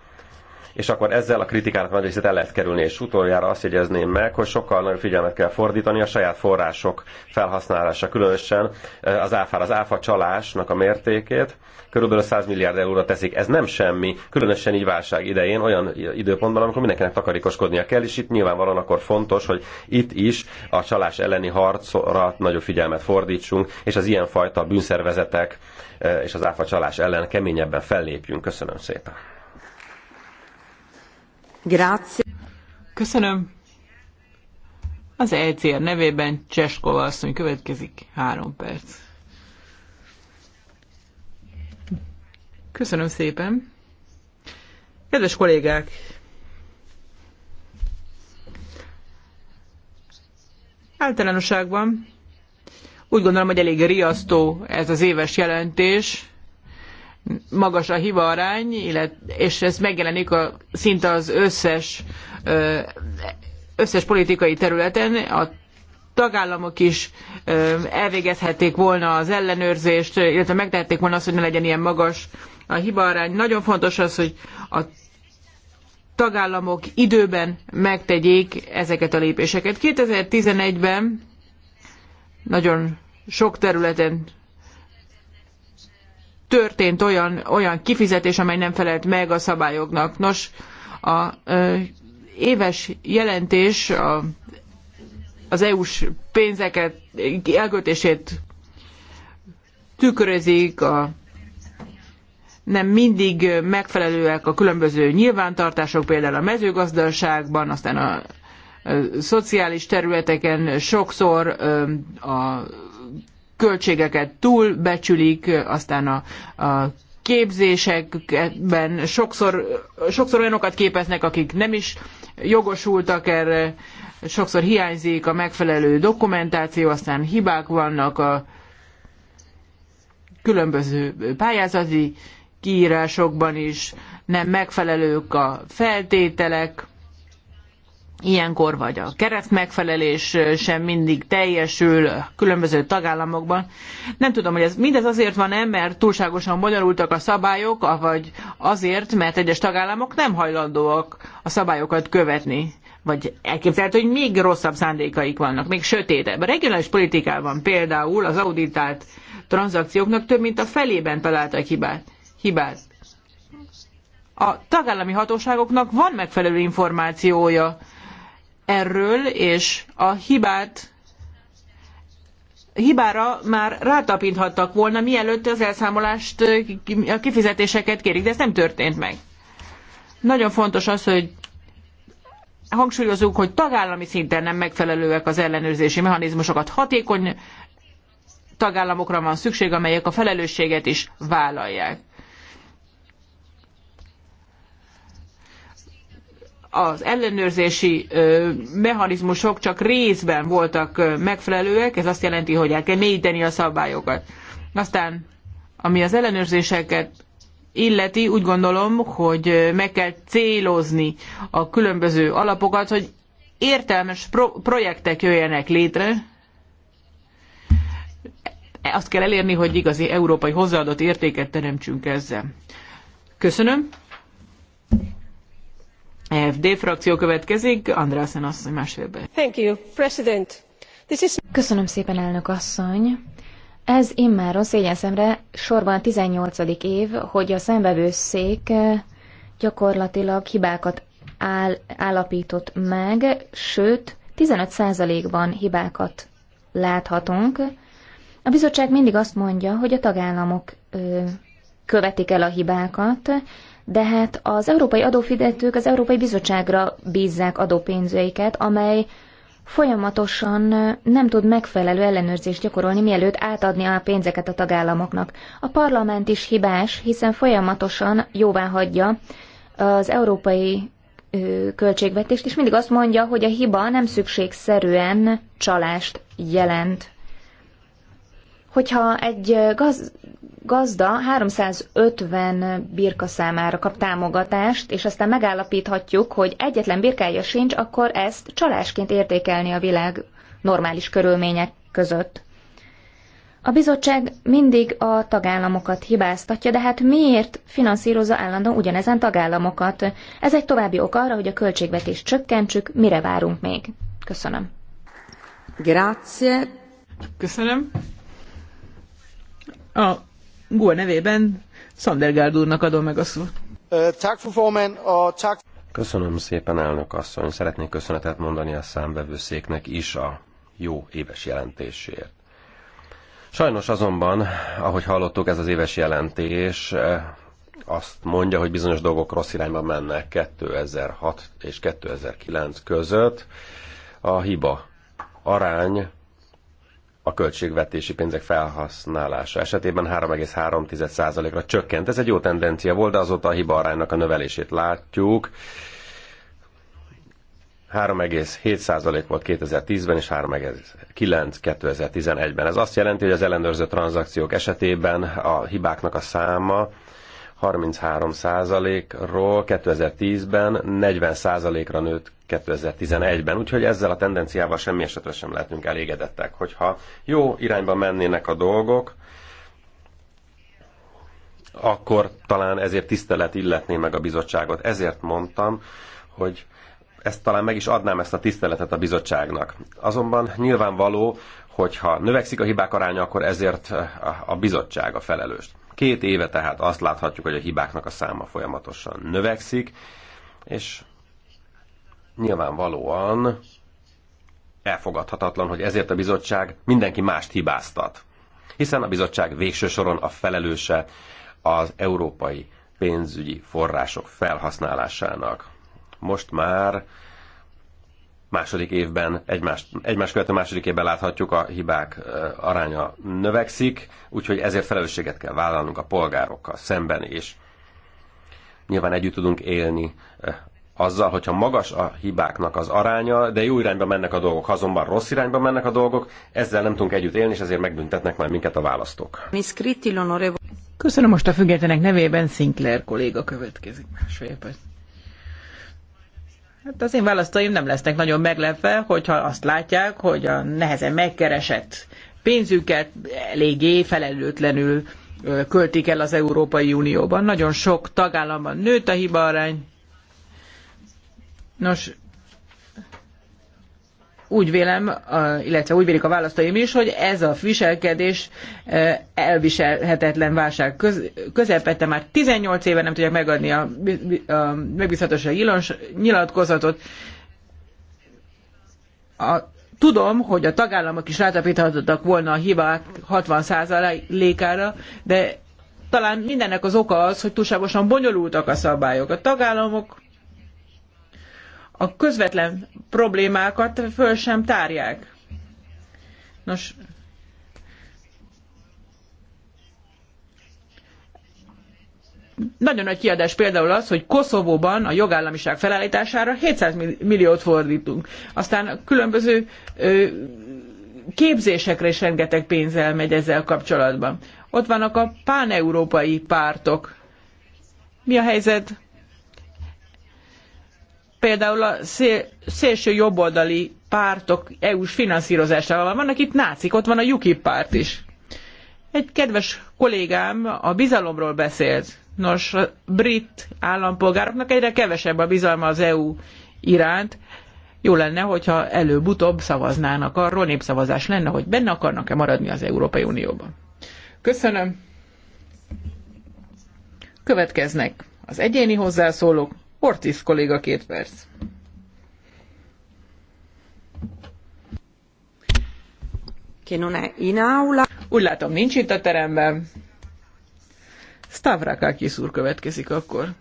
Speaker 4: és akkor ezzel a kritikának nagy részét el lehet kerülni. És utoljára azt jegyezném meg, hogy sokkal nagyobb figyelmet kell fordítani a saját források felhasználása, különösen eh, az áfára, az áfa csalásnak a mértékét. Körülbelül 100 milliárd euróra teszik. Ez nem semmi, különösen így válság idején, olyan időpontban, amikor mindenkinek takarékoskodnia kell, és itt nyilvánvalóan akkor fontos, hogy itt is a csalás elleni harcra nagyobb figyelmet fordítsunk, és az ilyenfajta bűnszervezetek eh, és az áfa csalás ellen keményebben fellépjünk. Köszönöm szépen.
Speaker 1: Köszönöm. Az ECR nevében Cseskova asszony következik három perc. Köszönöm szépen. Kedves kollégák! Általánosságban úgy gondolom, hogy elég riasztó ez az éves jelentés, magas a hiba arány, és ez megjelenik a, szinte az összes, összes politikai területen. A tagállamok is elvégezhették volna az ellenőrzést, illetve megtehették volna azt, hogy ne legyen ilyen magas a arány. Nagyon fontos az, hogy a tagállamok időben megtegyék ezeket a lépéseket. 2011-ben nagyon sok területen történt olyan, olyan kifizetés, amely nem felelt meg a szabályoknak. Nos, a ö, éves jelentés a, az EU-s pénzeket elköltését tükrözik, a, nem mindig megfelelőek a különböző nyilvántartások, például a mezőgazdaságban, aztán a, a szociális területeken sokszor a költségeket túlbecsülik, aztán a, a képzésekben sokszor, sokszor olyanokat képeznek, akik nem is jogosultak erre, sokszor hiányzik a megfelelő dokumentáció, aztán hibák vannak a különböző pályázati kiírásokban is, nem megfelelők a feltételek, ilyenkor vagy a keret megfelelés sem mindig teljesül különböző tagállamokban. Nem tudom, hogy ez mindez azért van-e, mert túlságosan bonyolultak a szabályok, vagy azért, mert egyes tagállamok nem hajlandóak a szabályokat követni vagy elképzelhető, hogy még rosszabb szándékaik vannak, még sötétebb. A regionális politikában például az auditált tranzakcióknak több mint a felében találtak hibát. hibát. A tagállami hatóságoknak van megfelelő információja erről, és a hibát hibára már rátapinthattak volna, mielőtt az elszámolást, eh, a kifizetéseket kérik, de ez nem történt meg. Nagyon fontos az, hogy hangsúlyozunk, hogy tagállami szinten nem megfelelőek az ellenőrzési mechanizmusokat. Hatékony tagállamokra van szükség, amelyek a felelősséget is vállalják. az ellenőrzési mechanizmusok csak részben voltak megfelelőek, ez azt jelenti, hogy el kell mélyíteni a szabályokat. Aztán, ami az ellenőrzéseket illeti, úgy gondolom, hogy meg kell célozni a különböző alapokat, hogy értelmes pro projektek jöjjenek létre, azt kell elérni, hogy igazi európai hozzáadott értéket teremtsünk ezzel. Köszönöm. AFD frakció következik, Andrásen asszony másfélbe.
Speaker 2: Thank you, President. This is... Köszönöm szépen, elnök asszony. Ez immáron szégyenszemre sorban a 18. év, hogy a szembevőszék eh, gyakorlatilag hibákat áll, állapított meg, sőt, 15%-ban hibákat láthatunk. A bizottság mindig azt mondja, hogy a tagállamok ö, követik el a hibákat, de hát az európai adófizetők az Európai Bizottságra bízzák adópénzeiket, amely folyamatosan nem tud megfelelő ellenőrzést gyakorolni, mielőtt átadni a pénzeket a tagállamoknak. A parlament is hibás, hiszen folyamatosan jóvá hagyja az európai költségvetést, és mindig azt mondja, hogy a hiba nem szükségszerűen csalást jelent. Hogyha egy gaz, gazda 350 birka számára kap támogatást, és aztán megállapíthatjuk, hogy egyetlen birkája sincs, akkor ezt csalásként értékelni a világ normális körülmények között. A bizottság mindig a tagállamokat hibáztatja, de hát miért finanszírozza állandóan ugyanezen tagállamokat? Ez egy további ok arra, hogy a költségvetést csökkentsük, mire várunk még?
Speaker 1: Köszönöm. Grazie. Köszönöm. A GUE nevében Szandergárd úrnak adom meg a szót.
Speaker 4: Köszönöm szépen, elnök asszony. Szeretnék köszönetet mondani a számvevőszéknek is a jó éves jelentésért. Sajnos azonban, ahogy hallottuk, ez az éves jelentés azt mondja, hogy bizonyos dolgok rossz irányba mennek 2006 és 2009 között. A hiba arány a költségvetési pénzek felhasználása esetében 3,3%-ra csökkent. Ez egy jó tendencia volt, de azóta a hiba aránynak a növelését látjuk. 3,7% volt 2010-ben és 3,9 2011-ben. Ez azt jelenti, hogy az ellenőrző tranzakciók esetében a hibáknak a száma 33%-ról 2010-ben 40%-ra nőtt 2011-ben. Úgyhogy ezzel a tendenciával semmi esetre sem lehetünk elégedettek. Hogyha jó irányba mennének a dolgok, akkor talán ezért tisztelet illetné meg a bizottságot. Ezért mondtam, hogy ezt talán meg is adnám ezt a tiszteletet a bizottságnak. Azonban nyilvánvaló, hogyha növekszik a hibák aránya, akkor ezért a bizottság a felelős. Két éve tehát azt láthatjuk, hogy a hibáknak a száma folyamatosan növekszik, és nyilvánvalóan elfogadhatatlan, hogy ezért a bizottság mindenki mást hibáztat. Hiszen a bizottság végső soron a felelőse az európai pénzügyi források felhasználásának. Most már második évben, egymás, egymás követő második évben láthatjuk, a hibák aránya növekszik, úgyhogy ezért felelősséget kell vállalnunk a polgárokkal szemben, és nyilván együtt tudunk élni azzal, hogyha magas a hibáknak az aránya, de jó irányba mennek a dolgok, ha azonban rossz irányba mennek a dolgok, ezzel nem tudunk együtt élni, és ezért megbüntetnek majd minket a választók.
Speaker 1: Köszönöm most a függetlenek nevében, Sinclair kolléga következik másfél perc. Hát az én választóim nem lesznek nagyon meglepve, hogyha azt látják, hogy a nehezen megkeresett pénzüket eléggé felelőtlenül költik el az Európai Unióban. Nagyon sok tagállamban nőtt a hibaarány. Nos, úgy vélem, illetve úgy vélik a választóim is, hogy ez a viselkedés elviselhetetlen válság közepette. Már 18 éve nem tudják megadni a, a megbízhatósági nyilatkozatot. A, tudom, hogy a tagállamok is rátapíthatottak volna a hibák 60%-ára, de talán mindennek az oka az, hogy túlságosan bonyolultak a szabályok. A tagállamok a közvetlen problémákat föl sem tárják. Nos, nagyon nagy kiadás például az, hogy Koszovóban a jogállamiság felállítására 700 milliót fordítunk. Aztán a különböző ö, képzésekre is rengeteg pénzzel megy ezzel kapcsolatban. Ott vannak a páneurópai pártok. Mi a helyzet például a szélső jobboldali pártok EU-s finanszírozásával vannak itt nácik, ott van a UKIP párt is. Egy kedves kollégám a bizalomról beszélt. Nos, a brit állampolgároknak egyre kevesebb a bizalma az EU iránt. Jó lenne, hogyha előbb-utóbb szavaznának arról, népszavazás lenne, hogy benne akarnak-e maradni az Európai Unióban. Köszönöm. Következnek az egyéni hozzászólók, Ortiz kolléga két perc. Úgy látom, nincs itt a teremben. Stavrakakis úr következik akkor.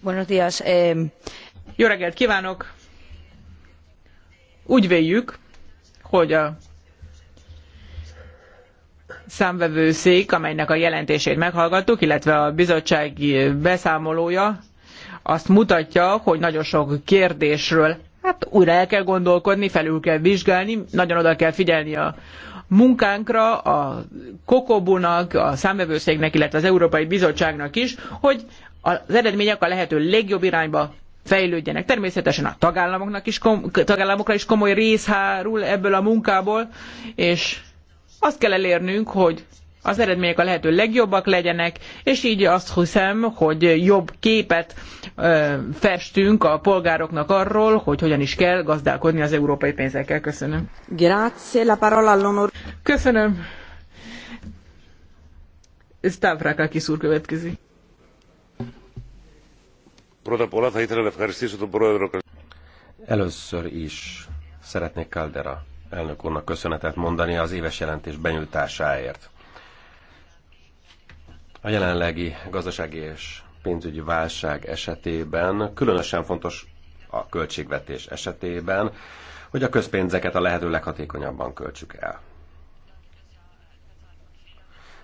Speaker 3: Buenos días.
Speaker 1: Jó reggelt kívánok! Úgy véljük, hogy a számvevőszék, amelynek a jelentését meghallgattuk, illetve a bizottság beszámolója azt mutatja, hogy nagyon sok kérdésről hát újra el kell gondolkodni, felül kell vizsgálni, nagyon oda kell figyelni a munkánkra, a Kokobunak, a számvevőszéknek, illetve az Európai Bizottságnak is, hogy az eredmények a lehető legjobb irányba fejlődjenek. Természetesen a tagállamoknak is, tagállamokra is komoly rész hárul ebből a munkából, és azt kell elérnünk, hogy az eredmények a lehető legjobbak legyenek, és így azt hiszem, hogy jobb képet ö, festünk a polgároknak arról, hogy hogyan is kell gazdálkodni az európai pénzekkel. Köszönöm.
Speaker 5: Grazie,
Speaker 1: la parola all'onor. Köszönöm.
Speaker 4: következik. Először is szeretnék Caldera elnök úrnak köszönetet mondani az éves jelentés benyújtásáért. A jelenlegi gazdasági és pénzügyi válság esetében különösen fontos a költségvetés esetében, hogy a közpénzeket a lehető leghatékonyabban költsük el.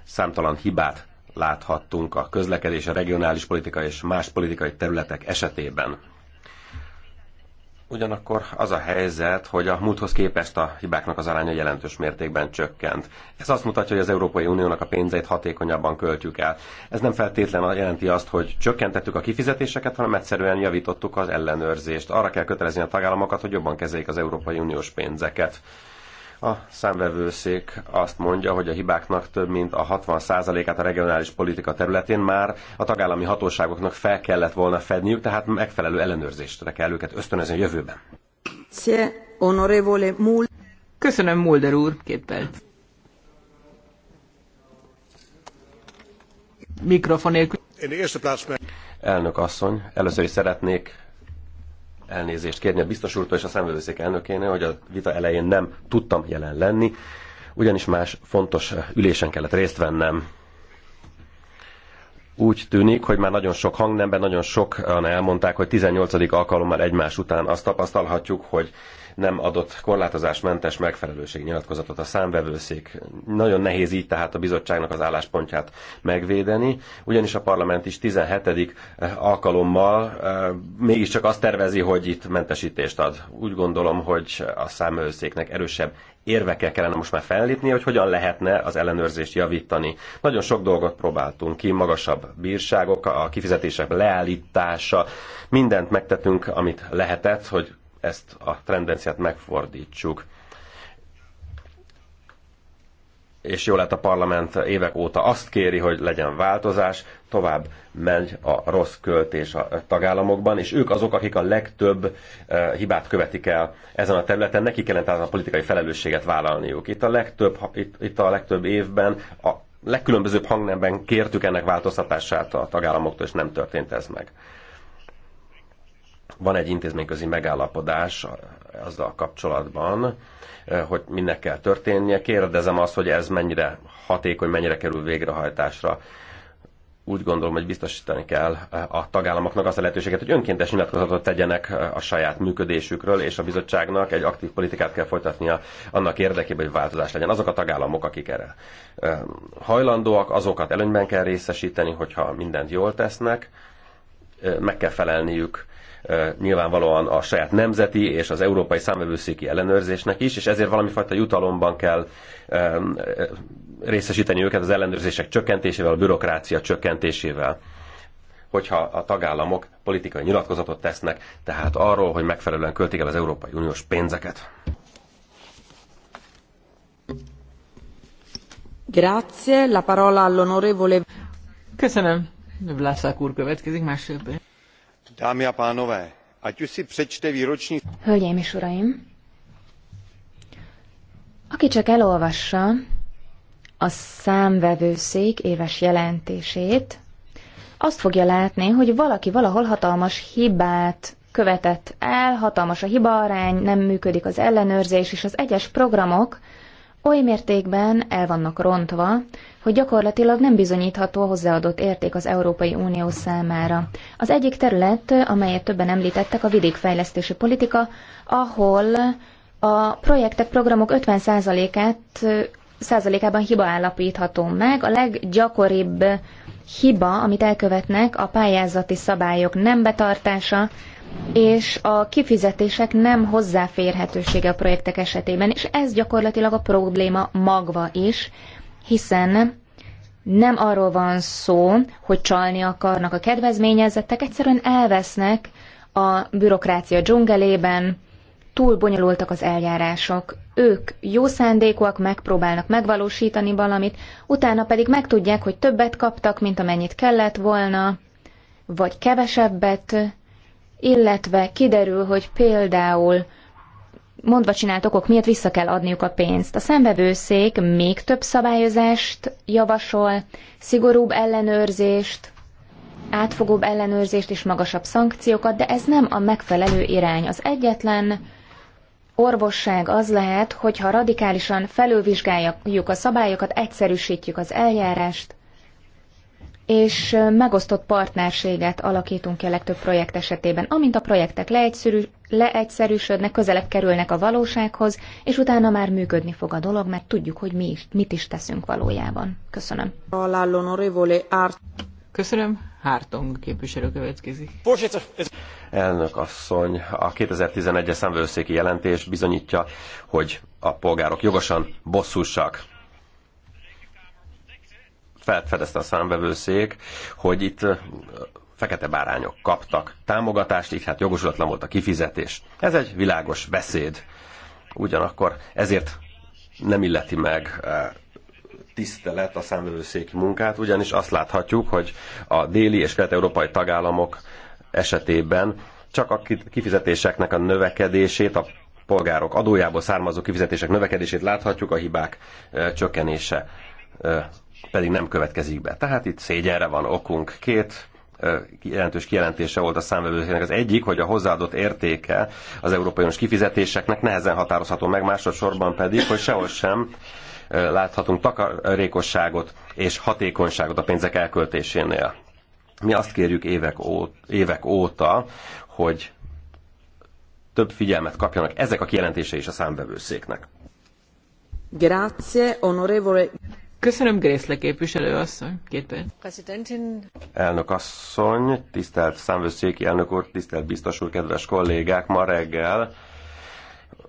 Speaker 4: Számtalan hibát láthattunk a közlekedés, a regionális politika és más politikai területek esetében. Ugyanakkor az a helyzet, hogy a múlthoz képest a hibáknak az aránya jelentős mértékben csökkent. Ez azt mutatja, hogy az Európai Uniónak a pénzeit hatékonyabban költjük el. Ez nem feltétlenül jelenti azt, hogy csökkentettük a kifizetéseket, hanem egyszerűen javítottuk az ellenőrzést. Arra kell kötelezni a tagállamokat, hogy jobban kezeljék az Európai Uniós pénzeket. A számvevőszék azt mondja, hogy a hibáknak több mint a 60%-át a regionális politika területén már a tagállami hatóságoknak fel kellett volna fedniük, tehát megfelelő ellenőrzésre kell őket ösztönözni a jövőben.
Speaker 1: Köszönöm, Mulder úr, két perc. Mikrofon nélkül.
Speaker 4: Elnök asszony, először is szeretnék elnézést kérni a biztos úrtól és a számvevőszék elnökéne, hogy a vita elején nem tudtam jelen lenni, ugyanis más fontos eh, ülésen kellett részt vennem. Úgy tűnik, hogy már nagyon sok hangnemben, nagyon sokan elmondták, hogy 18. alkalommal egymás után azt tapasztalhatjuk, hogy nem adott korlátozásmentes nyilatkozatot a számvevőszék. Nagyon nehéz így tehát a bizottságnak az álláspontját megvédeni, ugyanis a parlament is 17. Eh, alkalommal eh, mégiscsak azt tervezi, hogy itt mentesítést ad. Úgy gondolom, hogy a számvevőszéknek erősebb érvekkel kellene most már fellépnie, hogy hogyan lehetne az ellenőrzést javítani. Nagyon sok dolgot próbáltunk ki, magasabb bírságok, a kifizetések leállítása, mindent megtettünk, amit lehetett, hogy ezt a tendenciát megfordítsuk. És jól lett a parlament évek óta azt kéri, hogy legyen változás, tovább megy a rossz költés a tagállamokban, és ők azok, akik a legtöbb eh, hibát követik el ezen a területen, neki kellene tehát a politikai felelősséget vállalniuk. Itt a legtöbb, itt, itt a legtöbb évben a legkülönbözőbb hangnemben kértük ennek változtatását a tagállamoktól, és nem történt ez meg. Van egy intézményközi megállapodás azzal kapcsolatban, hogy minek kell történnie. Kérdezem azt, hogy ez mennyire hatékony, mennyire kerül végrehajtásra úgy gondolom, hogy biztosítani kell a tagállamoknak azt a lehetőséget, hogy önkéntes nyilatkozatot tegyenek a saját működésükről, és a bizottságnak egy aktív politikát kell folytatnia annak érdekében, hogy változás legyen. Azok a tagállamok, akik erre hajlandóak, azokat előnyben kell részesíteni, hogyha mindent jól tesznek, meg kell felelniük nyilvánvalóan a saját nemzeti és az európai számvevőszéki ellenőrzésnek is, és ezért valami fajta jutalomban kell részesíteni őket az ellenőrzések csökkentésével, a bürokrácia csökkentésével hogyha a tagállamok politikai nyilatkozatot tesznek, tehát arról, hogy megfelelően költik el az Európai Uniós pénzeket.
Speaker 1: Grazie, la parola all'onorevole. Köszönöm. Vlaszák úr következik másfél perc.
Speaker 5: Dámy a pánové, ať už si přečte výroční...
Speaker 1: Hölgyeim és uraim!
Speaker 2: Aki csak elolvassa a számvevőszék éves jelentését, azt fogja látni, hogy valaki valahol hatalmas hibát követett el, hatalmas a hibaarány, nem működik az ellenőrzés, és az egyes programok oly mértékben el vannak rontva, hogy gyakorlatilag nem bizonyítható a hozzáadott érték az Európai Unió számára. Az egyik terület, amelyet többen említettek, a vidékfejlesztési politika, ahol a projektek, programok 50%-át százalékában hiba állapítható meg. A leggyakoribb hiba, amit elkövetnek, a pályázati szabályok nem betartása, és a kifizetések nem hozzáférhetősége a projektek esetében, és ez gyakorlatilag a probléma magva is, hiszen nem arról van szó, hogy csalni akarnak a kedvezményezettek, egyszerűen elvesznek a bürokrácia dzsungelében, túl bonyolultak az eljárások. Ők jó szándékúak, megpróbálnak megvalósítani valamit, utána pedig megtudják, hogy többet kaptak, mint amennyit kellett volna, vagy kevesebbet, illetve kiderül, hogy például mondva csinált okok miatt vissza kell adniuk a pénzt. A szembevőszék még több szabályozást javasol, szigorúbb ellenőrzést, átfogóbb ellenőrzést és magasabb szankciókat, de ez nem a megfelelő irány. Az egyetlen orvosság az lehet, hogyha radikálisan felülvizsgáljuk a szabályokat, egyszerűsítjük az eljárást, és megosztott partnerséget alakítunk ki a legtöbb projekt esetében. Amint a projektek leegyszerű, leegyszerűsödnek, közelebb kerülnek a valósághoz, és utána már működni fog a dolog, mert tudjuk, hogy mi is, mit is teszünk valójában. Köszönöm.
Speaker 1: Köszönöm. Hártong képviselő következik.
Speaker 4: Elnök asszony, a 2011-es számvőszéki jelentés bizonyítja, hogy a polgárok jogosan bosszúsak felfedezte a számbevőszék, hogy itt fekete bárányok kaptak támogatást, így hát jogosulatlan volt a kifizetés. Ez egy világos beszéd. Ugyanakkor ezért nem illeti meg tisztelet a számvevőszéki munkát, ugyanis azt láthatjuk, hogy a déli és kelet-európai tagállamok esetében csak a kifizetéseknek a növekedését, a polgárok adójából származó kifizetések növekedését láthatjuk, a hibák csökkenése pedig nem következik be. Tehát itt szégyenre van okunk. Két jelentős kijelentése volt a számvevőszének. Az egyik, hogy a hozzáadott értéke az Európai Uniós kifizetéseknek nehezen határozható meg, másodszorban pedig, hogy sehol sem láthatunk takarékosságot és hatékonyságot a pénzek elköltésénél. Mi azt kérjük évek, ó, évek óta, hogy több figyelmet kapjanak ezek a kijelentése is a számvevőszéknek.
Speaker 1: Grazie, onorevole. Köszönöm, Grészle képviselő asszony. Két perc.
Speaker 4: Elnök asszony, tisztelt számvőszéki elnök úr, tisztelt biztos úr, kedves kollégák, ma reggel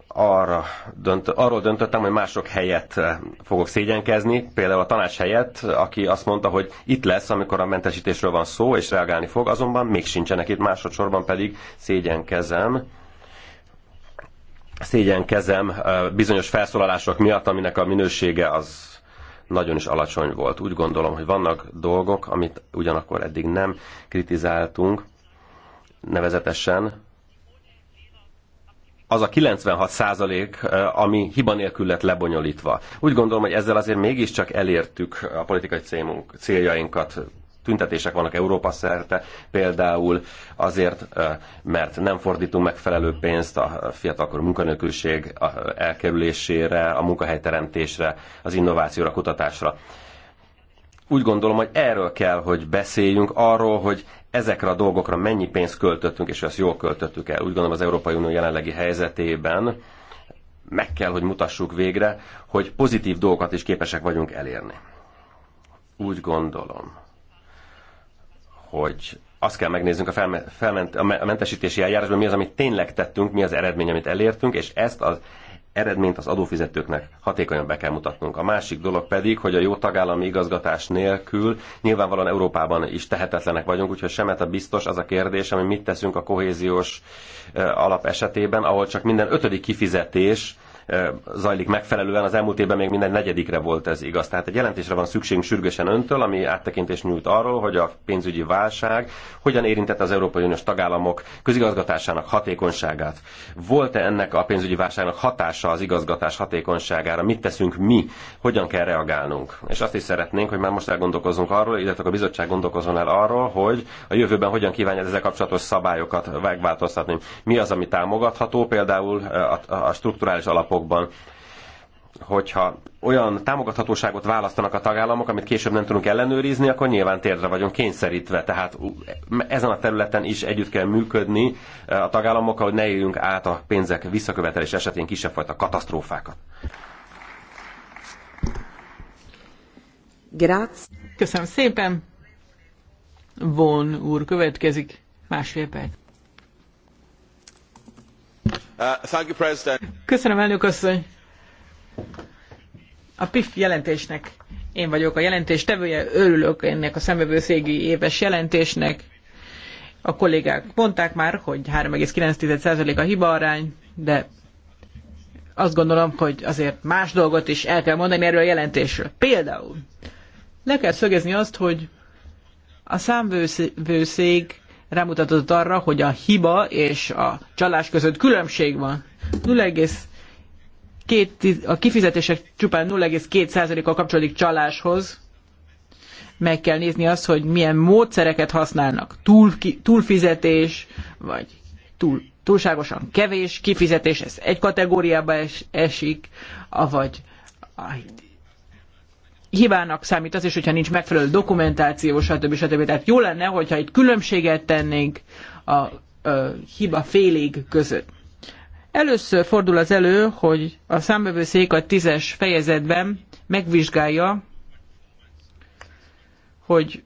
Speaker 4: arra dönt, arról döntöttem, hogy mások helyett fogok szégyenkezni, például a tanács helyett, aki azt mondta, hogy itt lesz, amikor a mentesítésről van szó, és reagálni fog, azonban még sincsenek itt, másodszorban pedig szégyenkezem szégyenkezem bizonyos felszólalások miatt, aminek a minősége az nagyon is alacsony volt. Úgy gondolom, hogy vannak dolgok, amit ugyanakkor eddig nem kritizáltunk, nevezetesen az a 96 százalék, ami hiba nélkül lett lebonyolítva. Úgy gondolom, hogy ezzel azért mégiscsak elértük a politikai célunk, céljainkat tüntetések vannak Európa szerte, például azért, mert nem fordítunk megfelelő pénzt a fiatalkorú munkanélküliség elkerülésére, a munkahelyteremtésre, az innovációra, kutatásra. Úgy gondolom, hogy erről kell, hogy beszéljünk, arról, hogy ezekre a dolgokra mennyi pénzt költöttünk, és ezt jól költöttük el. Úgy gondolom az Európai Unió jelenlegi helyzetében meg kell, hogy mutassuk végre, hogy pozitív dolgokat is képesek vagyunk elérni. Úgy gondolom hogy azt kell megnéznünk a, felme, felment, a mentesítési eljárásban, mi az, amit tényleg tettünk, mi az eredmény, amit elértünk, és ezt az eredményt az adófizetőknek hatékonyan be kell mutatnunk. A másik dolog pedig, hogy a jó tagállami igazgatás nélkül nyilvánvalóan Európában is tehetetlenek vagyunk, úgyhogy semet a biztos az a kérdés, ami mit teszünk a kohéziós alap esetében, ahol csak minden ötödik kifizetés zajlik megfelelően, az elmúlt évben még minden negyedikre volt ez igaz. Tehát egy jelentésre van szükségünk sürgősen öntől, ami áttekintést nyújt arról, hogy a pénzügyi válság hogyan érintette az Európai Uniós tagállamok közigazgatásának hatékonyságát. Volt-e ennek a pénzügyi válságnak hatása az igazgatás hatékonyságára? Mit teszünk mi? Hogyan kell reagálnunk? És azt is szeretnénk, hogy már most elgondolkozunk arról, illetve a bizottság gondolkozon el arról, hogy a jövőben hogyan kívánja ezzel kapcsolatos szabályokat megváltoztatni. Mi az, ami támogatható, például a, a strukturális alap alapokban hogyha olyan támogathatóságot választanak a tagállamok, amit később nem tudunk ellenőrizni, akkor nyilván térdre vagyunk kényszerítve. Tehát ezen a területen is együtt kell működni eh, a tagállamokkal, hogy ne éljünk át a pénzek visszakövetelés esetén kisebb fajta katasztrófákat.
Speaker 1: Grácz. Köszönöm szépen. Von úr következik. Másfél perc. Uh, Köszönöm, elnök asszony. A PIF jelentésnek én vagyok a jelentés tevője, örülök ennek a szemövőszégi éves jelentésnek. A kollégák mondták már, hogy 3,9% a hibaarány, de azt gondolom, hogy azért más dolgot is el kell mondani erről a jelentésről. Például le kell szögezni azt, hogy a számvőszék rámutatott arra, hogy a hiba és a csalás között különbség van. 0,2, a kifizetések csupán 0,2%-a kapcsolódik csaláshoz. Meg kell nézni azt, hogy milyen módszereket használnak. Túl, ki, túlfizetés, vagy túl, túlságosan kevés kifizetés, ez egy kategóriába es, esik, avagy hibának számít az is, hogyha nincs megfelelő dokumentáció, stb. stb. Tehát jó lenne, hogyha itt különbséget tennénk a, a hiba félig között. Először fordul az elő, hogy a számbevőszék a tízes fejezetben megvizsgálja, hogy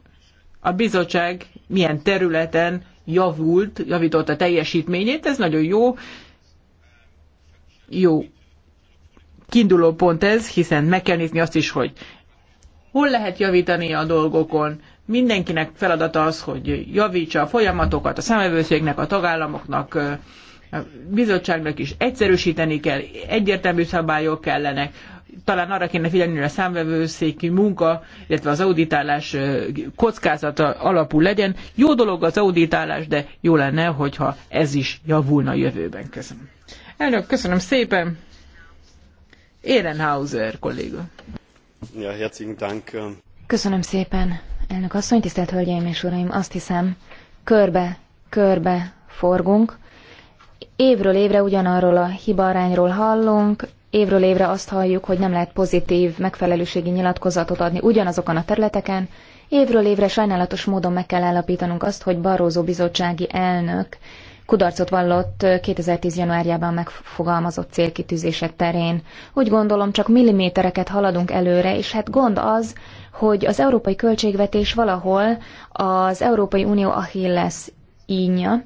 Speaker 1: a bizottság milyen területen javult, javította a teljesítményét. Ez nagyon jó, jó kiinduló pont ez, hiszen meg kell nézni azt is, hogy hol lehet javítani a dolgokon. Mindenkinek feladata az, hogy javítsa a folyamatokat, a számvevőszéknek, a tagállamoknak, a bizottságnak is egyszerűsíteni kell, egyértelmű szabályok kellenek. Talán arra kéne figyelni, hogy a számvevőszéki munka, illetve az auditálás kockázata alapú legyen. Jó dolog az auditálás, de jó lenne, hogyha ez is javulna
Speaker 4: a jövőben. Köszönöm.
Speaker 1: Elnök, köszönöm szépen. Ehrenhauser
Speaker 4: kolléga. Ja, herzlichen Dank. Ähm.
Speaker 1: Köszönöm szépen, elnök asszony, tisztelt
Speaker 2: hölgyeim és uraim. Azt hiszem, körbe, körbe forgunk. Évről évre ugyanarról a hibaarányról hallunk, évről évre azt halljuk, hogy nem lehet pozitív megfelelőségi nyilatkozatot adni ugyanazokon a területeken, évről évre sajnálatos módon meg kell állapítanunk azt, hogy Barroso bizottsági elnök kudarcot vallott 2010. januárjában megfogalmazott célkitűzések terén. Úgy gondolom, csak millimétereket haladunk előre, és hát gond az, hogy az európai költségvetés valahol az Európai Unió Achilles ínya.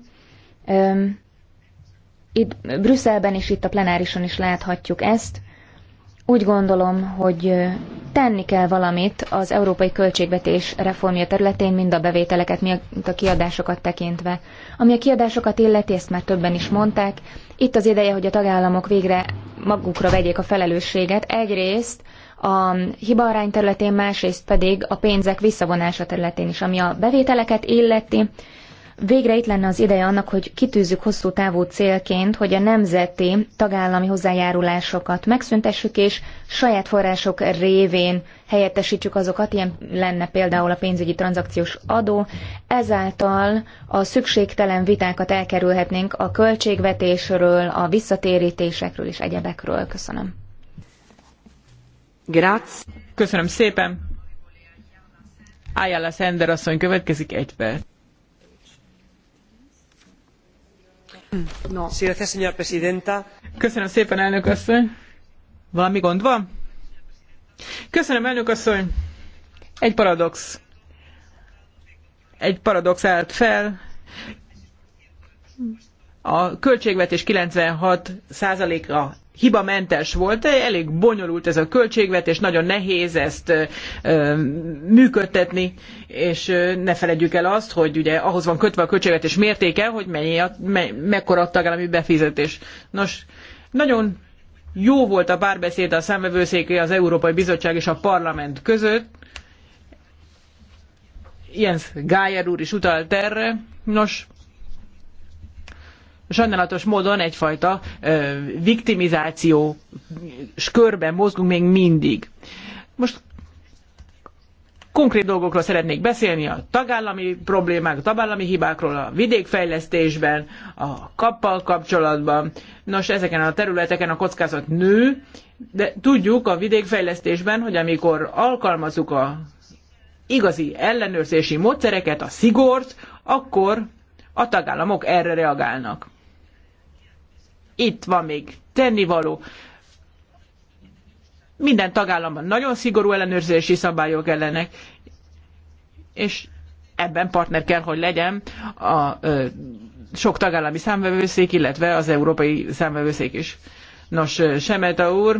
Speaker 2: Itt Brüsszelben és itt a plenárison is láthatjuk ezt. Úgy gondolom, hogy tenni kell valamit az európai költségvetés reformja területén, mind a bevételeket, mind a kiadásokat tekintve. Ami a kiadásokat illeti, ezt már többen is mondták, itt az ideje, hogy a tagállamok végre magukra vegyék a felelősséget. Egyrészt a hibaarány területén, másrészt pedig a pénzek visszavonása területén is, ami a bevételeket illeti. Végre itt lenne az ideje annak, hogy kitűzzük hosszú távú célként, hogy a nemzeti tagállami hozzájárulásokat megszüntessük, és saját források révén helyettesítsük azokat, ilyen lenne például a pénzügyi tranzakciós adó. Ezáltal a szükségtelen vitákat elkerülhetnénk a költségvetésről, a visszatérítésekről és egyebekről. Köszönöm.
Speaker 1: Grácz. Köszönöm szépen. Ayala a asszony következik egy perc. Mm, Köszönöm szépen, elnök asszony. Valami gond van? Köszönöm, elnök asszony. Egy paradox. Egy paradox állt fel. A költségvetés 96%-a hibamentes volt, elég bonyolult ez a költségvetés, nagyon nehéz ezt működtetni, és ne felejtjük el azt, hogy ugye ahhoz van kötve a költségvetés mértéke, hogy mennyi a, me, mekkora a tagállami befizetés. Nos, nagyon jó volt a párbeszéd a számvevőszéké az Európai Bizottság és a Parlament között. Jens Gájer úr is utalt erre. Nos, sajnálatos módon egyfajta viktimizáció körben mozgunk még mindig. Most konkrét dolgokról szeretnék beszélni, a tagállami problémák, a tagállami hibákról, a vidékfejlesztésben, a kappal kapcsolatban. Nos, ezeken a területeken a kockázat nő, de tudjuk a vidékfejlesztésben, hogy amikor alkalmazunk a igazi ellenőrzési módszereket, a szigort, akkor a tagállamok erre reagálnak itt van még tennivaló. Minden tagállamban nagyon szigorú ellenőrzési szabályok ellenek, és ebben partner kell, hogy legyen a ö, sok tagállami számvevőszék, illetve az európai számvevőszék is. Nos, Semeta úr,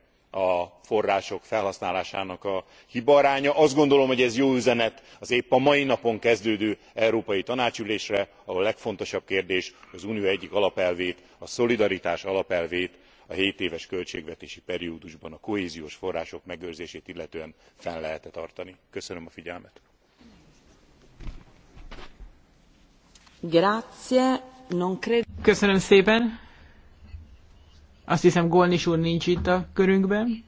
Speaker 5: a források felhasználásának a hibaaránya. azt gondolom hogy ez jó üzenet az épp a mai napon kezdődő európai tanácsi ülésre ahol a legfontosabb kérdés az unió egyik alapelvét a szolidaritás alapelvét a hétéves költségvetési periódusban a kohéziós források megőrzését illetően fenn lehet e tartani. köszönöm a figyelmet.
Speaker 1: köszönöm szépen! Azt hiszem Golnis úr nincs itt a körünkben.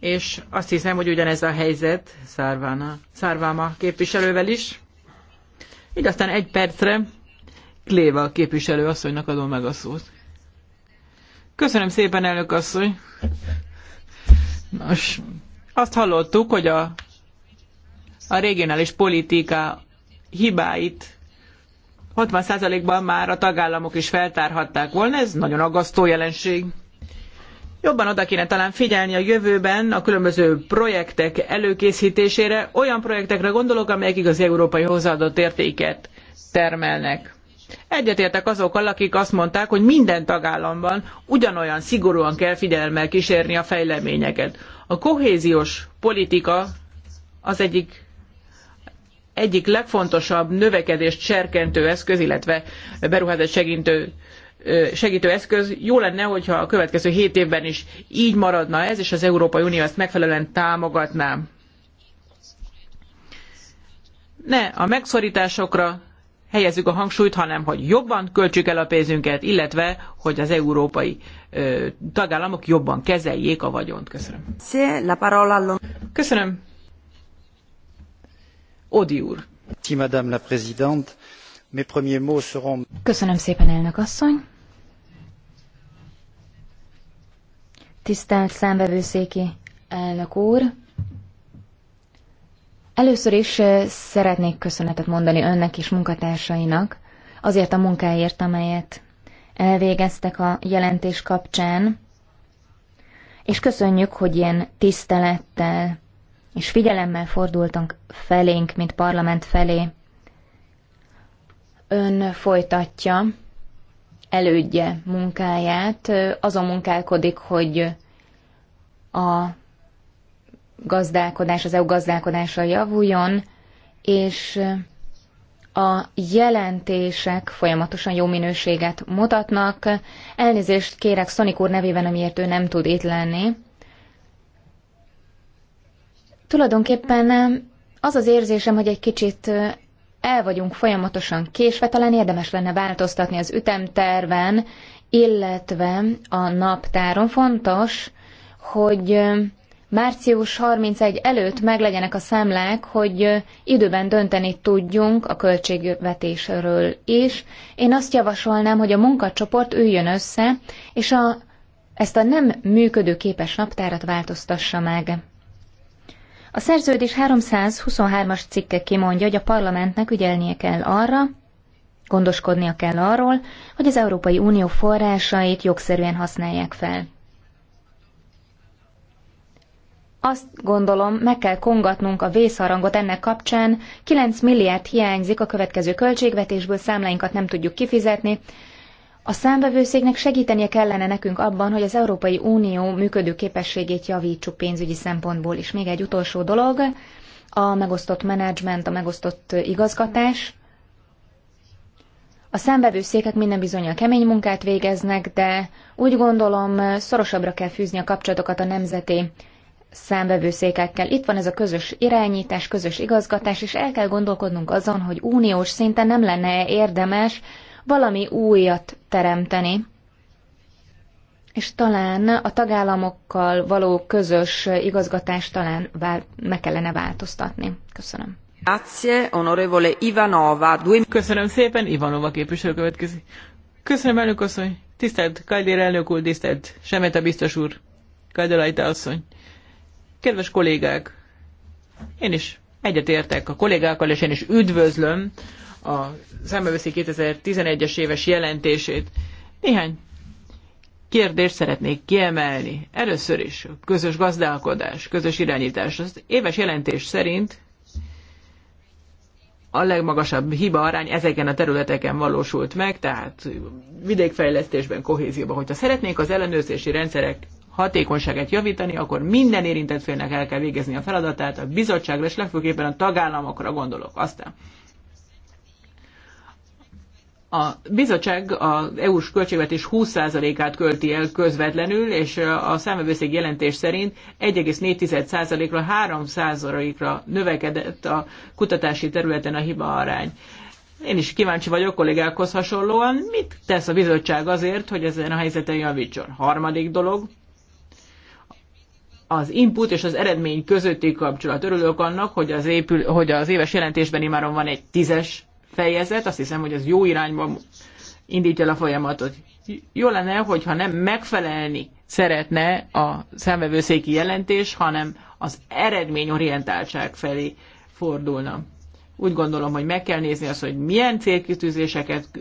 Speaker 1: És azt hiszem, hogy ugyanez a helyzet Szárvána, Szárváma képviselővel is. Így aztán egy percre Kléva képviselő asszonynak adom meg a szót. Köszönöm szépen, elnök asszony! Nos, azt hallottuk, hogy a, a regionális politika hibáit 60%-ban már a tagállamok is feltárhatták volna, ez nagyon aggasztó jelenség. Jobban oda kéne talán figyelni a jövőben a különböző projektek előkészítésére, olyan projektekre gondolok, amelyek az európai hozzáadott értéket termelnek. Egyetértek azokkal, akik azt mondták, hogy minden tagállamban ugyanolyan szigorúan kell figyelemmel kísérni a fejleményeket. A kohéziós politika az egyik egyik legfontosabb növekedést serkentő eszköz, illetve beruházás segítő segítő eszköz. Jó lenne, hogyha a következő hét évben is így maradna ez, és az Európai Unió ezt megfelelően támogatná. Ne a megszorításokra helyezzük a hangsúlyt, hanem hogy jobban költsük el a pénzünket, illetve hogy az európai ö, tagállamok jobban kezeljék a vagyont. Köszönöm. Köszönöm.
Speaker 2: Köszönöm szépen, elnök asszony. Tisztelt számvevőszéki elnök úr! Először is szeretnék köszönetet mondani önnek és munkatársainak azért a munkáért, amelyet elvégeztek a jelentés kapcsán, és köszönjük, hogy ilyen tisztelettel és figyelemmel fordultunk felénk, mint parlament felé. Ön folytatja elődje munkáját, azon munkálkodik, hogy a gazdálkodás, az EU gazdálkodása javuljon, és a jelentések folyamatosan jó minőséget mutatnak. Elnézést kérek Szonik úr nevében, amiért ő nem tud itt lenni. Tulajdonképpen eh, az az érzésem, hogy egy kicsit eh, el vagyunk folyamatosan késve, talán érdemes lenne változtatni az ütemterven, illetve a naptáron. Fontos, hogy eh, március 31 előtt meglegyenek a számlák, hogy időben dönteni tudjunk a költségvetésről is. Én azt javasolnám, hogy a munkacsoport üljön össze, és a, ezt a nem működő képes naptárat változtassa meg. A szerződés 323-as cikke kimondja, hogy a parlamentnek ügyelnie kell arra, gondoskodnia kell arról, hogy az Európai Unió forrásait jogszerűen használják fel. Azt gondolom, meg kell kongatnunk a vészharangot ennek kapcsán, 9 milliárd hiányzik a következő költségvetésből, számláinkat nem tudjuk kifizetni, a számbevőszéknek segítenie kellene nekünk abban, hogy az Európai Unió működő képességét javítsuk pénzügyi szempontból is. Még egy utolsó dolog, a megosztott menedzsment, a megosztott igazgatás. A számbevőszékek minden bizonyal kemény munkát végeznek, de úgy gondolom szorosabbra kell fűzni a kapcsolatokat a nemzeti számbevőszékekkel. Itt van ez a közös irányítás, közös igazgatás, és el kell gondolkodnunk azon, hogy uniós szinten nem lenne érdemes valami újat teremteni, és talán a tagállamokkal való közös igazgatást talán vál, meg kellene változtatni. Köszönöm.
Speaker 1: Grazie, onorevole Ivanova. Köszönöm szépen, Ivanova képviselő következik. Köszönöm, elnök asszony. Tisztelt Kajdér elnök úr, tisztelt Semeta biztos úr, Kajdelajta asszony. Kedves kollégák, én is egyetértek a kollégákkal, és én is üdvözlöm a szembeveszi 2011-es éves jelentését. Néhány kérdést szeretnék kiemelni. Először is a közös gazdálkodás, közös irányítás. Az éves jelentés szerint a legmagasabb hiba arány ezeken a területeken valósult meg, tehát vidékfejlesztésben, kohézióban. Hogyha szeretnénk az ellenőrzési rendszerek hatékonyságát javítani, akkor minden érintett félnek el kell végezni a feladatát, a bizottságra és legfőképpen a tagállamokra gondolok. Aztán a bizottság az EU-s költségvetés 20%-át költi el közvetlenül, és a számövőszék jelentés szerint 1,4%-ra 3%-ra növekedett a kutatási területen a hiba arány. Én is kíváncsi vagyok kollégákhoz hasonlóan, mit tesz a bizottság azért, hogy ezen a helyzeten javítson. Harmadik dolog, az input és az eredmény közötti kapcsolat. Örülök annak, hogy az, épül, hogy az éves jelentésben imáron van egy tízes fejezet, azt hiszem, hogy az jó irányba indítja a folyamatot. Jó lenne, hogyha nem megfelelni szeretne a szemvevőszéki jelentés, hanem az eredményorientáltság felé fordulna. Úgy gondolom, hogy meg kell nézni azt, hogy milyen célkitűzéseket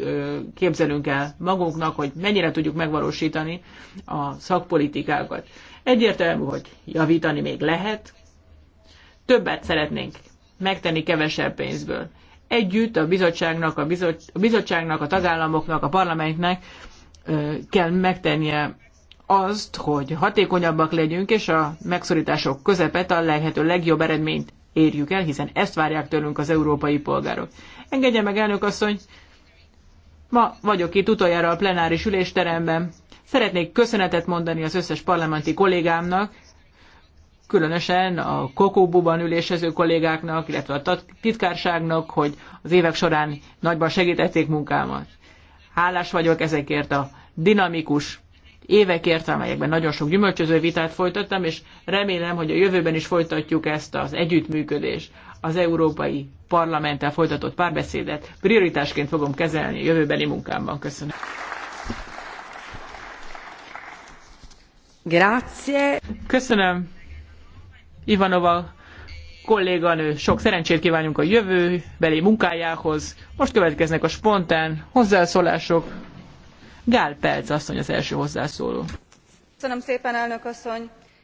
Speaker 1: képzelünk el magunknak, hogy mennyire tudjuk megvalósítani a szakpolitikákat. Egyértelmű, hogy javítani még lehet. Többet szeretnénk megtenni kevesebb pénzből együtt a bizottságnak, a, bizot, a bizottságnak, a tagállamoknak, a parlamentnek kell megtennie azt, hogy hatékonyabbak legyünk, és a megszorítások közepet a lehető legjobb eredményt érjük el, hiszen ezt várják tőlünk az európai polgárok. Engedje meg, elnök asszony, ma vagyok itt utoljára a plenáris ülésteremben. Szeretnék köszönetet mondani az összes parlamenti kollégámnak, különösen a Kokóbuban ülésező kollégáknak, illetve a titkárságnak, hogy az évek során nagyban segítették munkámat. Hálás vagyok ezekért a dinamikus évekért, amelyekben nagyon sok gyümölcsöző vitát folytattam, és remélem, hogy a jövőben is folytatjuk ezt az együttműködést, az Európai Parlamenttel folytatott párbeszédet. Prioritásként fogom kezelni a jövőbeni munkámban. Köszönöm. Grazie. Köszönöm. Ivanova kolléganő. Sok szerencsét kívánunk a jövőbeli munkájához. Most következnek a spontán hozzászólások. Gál Pelc asszony az első hozzászóló.
Speaker 3: Köszönöm szépen, elnök asszony!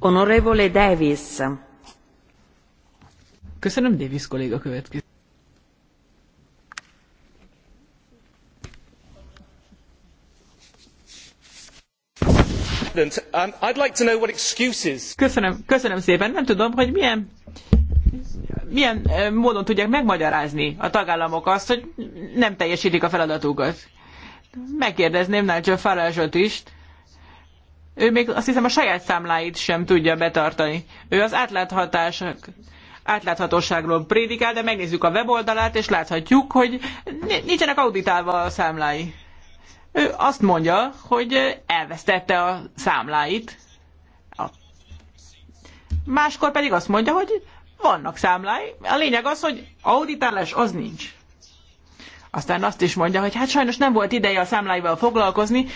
Speaker 1: Honorevole Davis. Köszönöm, Davis kolléga következő. Um, köszönöm, köszönöm szépen. Nem tudom, hogy milyen, milyen módon tudják megmagyarázni a tagállamok azt, hogy nem teljesítik a feladatukat. Megkérdezném Nigel farage is, ő még azt hiszem a saját számláit sem tudja betartani. Ő az átláthatások átláthatóságról prédikál, de megnézzük a weboldalát, és láthatjuk, hogy nincsenek auditálva a számlái. Ő azt mondja, hogy elvesztette a számláit. Máskor pedig azt mondja, hogy vannak számlái. A lényeg az, hogy auditálás az nincs. Aztán azt is mondja, hogy hát sajnos nem volt ideje a számláival foglalkozni,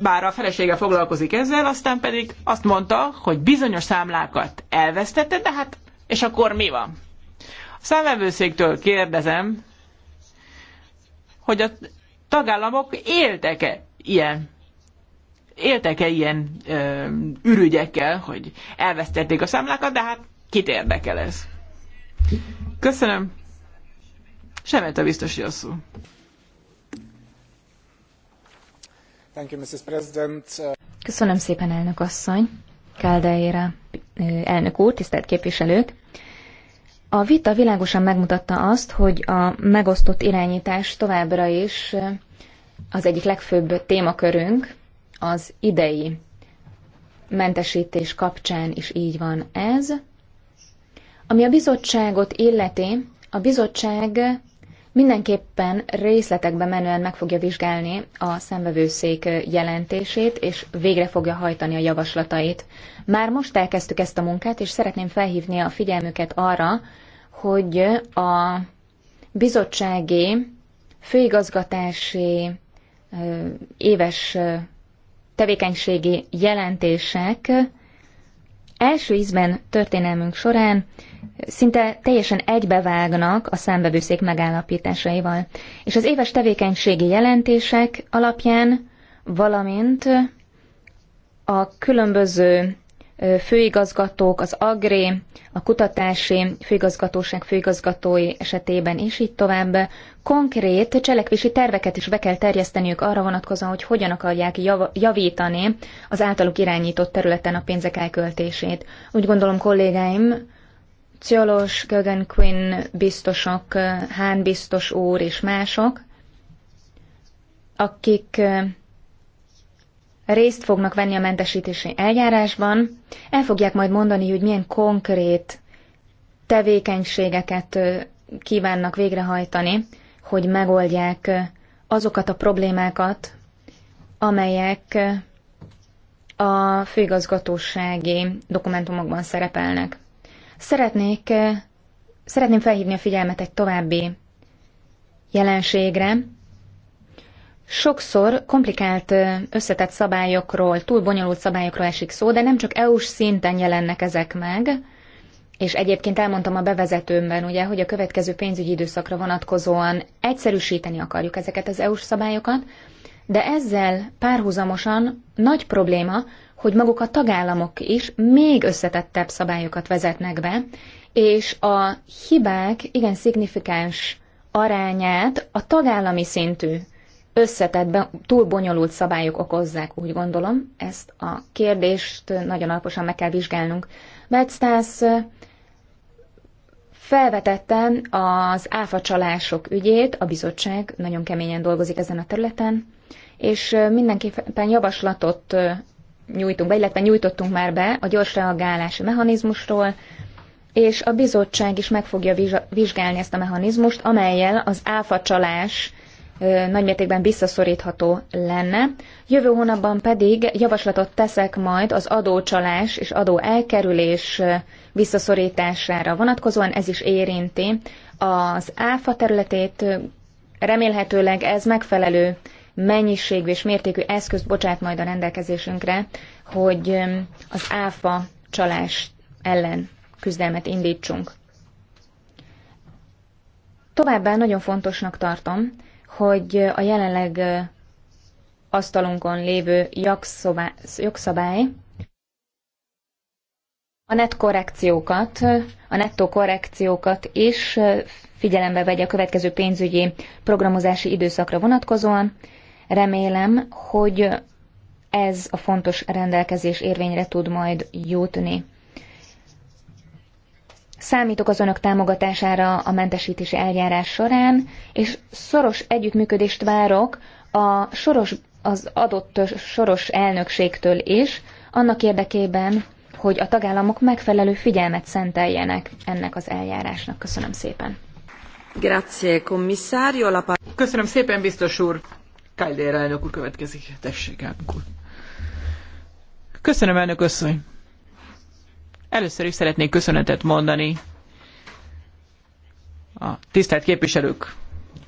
Speaker 1: bár a felesége foglalkozik ezzel, aztán pedig azt mondta, hogy bizonyos számlákat elvesztette, de hát, és akkor mi van? A számvevőszéktől kérdezem, hogy a tagállamok éltek-e ilyen éltek-e ilyen ö, ürügyekkel, hogy elvesztették a számlákat, de hát kit érdekel ez? Köszönöm. Semmit a biztos, hogy
Speaker 2: Köszönöm szépen, elnök asszony. Káldeira, elnök úr, tisztelt képviselők. A vita világosan megmutatta azt, hogy a megosztott irányítás továbbra is az egyik legfőbb témakörünk az idei mentesítés kapcsán is így van ez. Ami a bizottságot illeti, a bizottság mindenképpen részletekbe menően meg fogja vizsgálni a szembevőszék jelentését, és végre fogja hajtani a javaslatait. Már most elkezdtük ezt a munkát, és szeretném felhívni a figyelmüket arra, hogy a bizottsági főigazgatási éves tevékenységi jelentések első ízben történelmünk során szinte teljesen egybevágnak a számbevőszék megállapításaival. És az éves tevékenységi jelentések alapján, valamint a különböző főigazgatók, az agré, a kutatási főigazgatóság főigazgatói esetében is így tovább konkrét cselekvési terveket is be kell terjeszteniük arra vonatkozóan, hogy hogyan akarják jav- javítani az általuk irányított területen a pénzek elköltését. Úgy gondolom kollégáim Ciolos, Gögen Quinn biztosok, Hán biztos úr és mások, akik részt fognak venni a mentesítési eljárásban, el fogják majd mondani, hogy milyen konkrét tevékenységeket kívánnak végrehajtani, hogy megoldják azokat a problémákat, amelyek a főigazgatósági dokumentumokban szerepelnek. Szeretnék, eh, szeretném felhívni a figyelmet egy további jelenségre. Sokszor komplikált, eh, összetett szabályokról, túl bonyolult szabályokról esik szó, de nem csak EU-s szinten jelennek ezek meg, és egyébként elmondtam a bevezetőmben, ugye, hogy a következő pénzügyi időszakra vonatkozóan egyszerűsíteni akarjuk ezeket az EU-s szabályokat, de ezzel párhuzamosan nagy probléma, hogy maguk a tagállamok is még összetettebb szabályokat vezetnek be, és a hibák igen szignifikáns arányát a tagállami szintű összetett, túl bonyolult szabályok okozzák, úgy gondolom. Ezt a kérdést nagyon alaposan meg kell vizsgálnunk. Metztász felvetette az áfacsalások ügyét, a bizottság nagyon keményen dolgozik ezen a területen, és mindenképpen javaslatot nyújtunk be, illetve nyújtottunk már be a gyors reagálási mechanizmusról, és a bizottság is meg fogja vizsgálni ezt a mechanizmust, amelyel az áfa csalás nagymértékben visszaszorítható lenne. Jövő hónapban pedig javaslatot teszek majd az adócsalás és adó elkerülés visszaszorítására vonatkozóan, ez is érinti az áfa területét, remélhetőleg ez megfelelő mennyiségű és mértékű eszközt bocsát majd a rendelkezésünkre, hogy um, az áfa csalás ellen küzdelmet indítsunk. Továbbá nagyon fontosnak tartom, hogy a jelenleg uh, asztalunkon lévő jogszabály a net korrekciókat, a nettó korrekciókat is uh, figyelembe vegye a következő pénzügyi programozási időszakra vonatkozóan, Remélem, hogy ez a fontos rendelkezés érvényre tud majd jutni. Számítok az önök támogatására a mentesítési eljárás során, és szoros együttműködést várok a soros, az adott soros elnökségtől is, annak érdekében, hogy a tagállamok megfelelő figyelmet szenteljenek ennek az eljárásnak. Köszönöm szépen.
Speaker 1: Grazie, commissario. Köszönöm szépen, biztos úr. Kaldéra elnök úr következik. Tessék, elnök úr. Köszönöm, elnök asszony. Először is szeretnék köszönetet mondani a tisztelt képviselők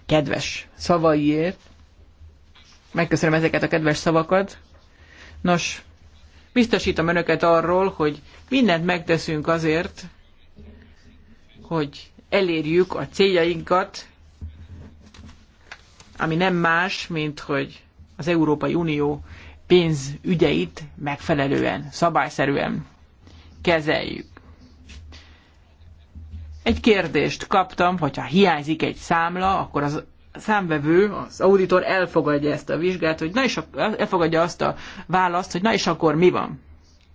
Speaker 1: kedves szavaiért. Megköszönöm ezeket a kedves szavakat. Nos, biztosítom önöket arról, hogy mindent megteszünk azért, hogy elérjük a céljainkat, ami nem más, mint hogy az Európai Unió pénzügyeit megfelelően, szabályszerűen kezeljük. Egy kérdést kaptam, hogyha hiányzik egy számla, akkor az számvevő, az auditor elfogadja ezt a vizsgát, hogy na is, elfogadja azt a választ, hogy na és akkor mi van.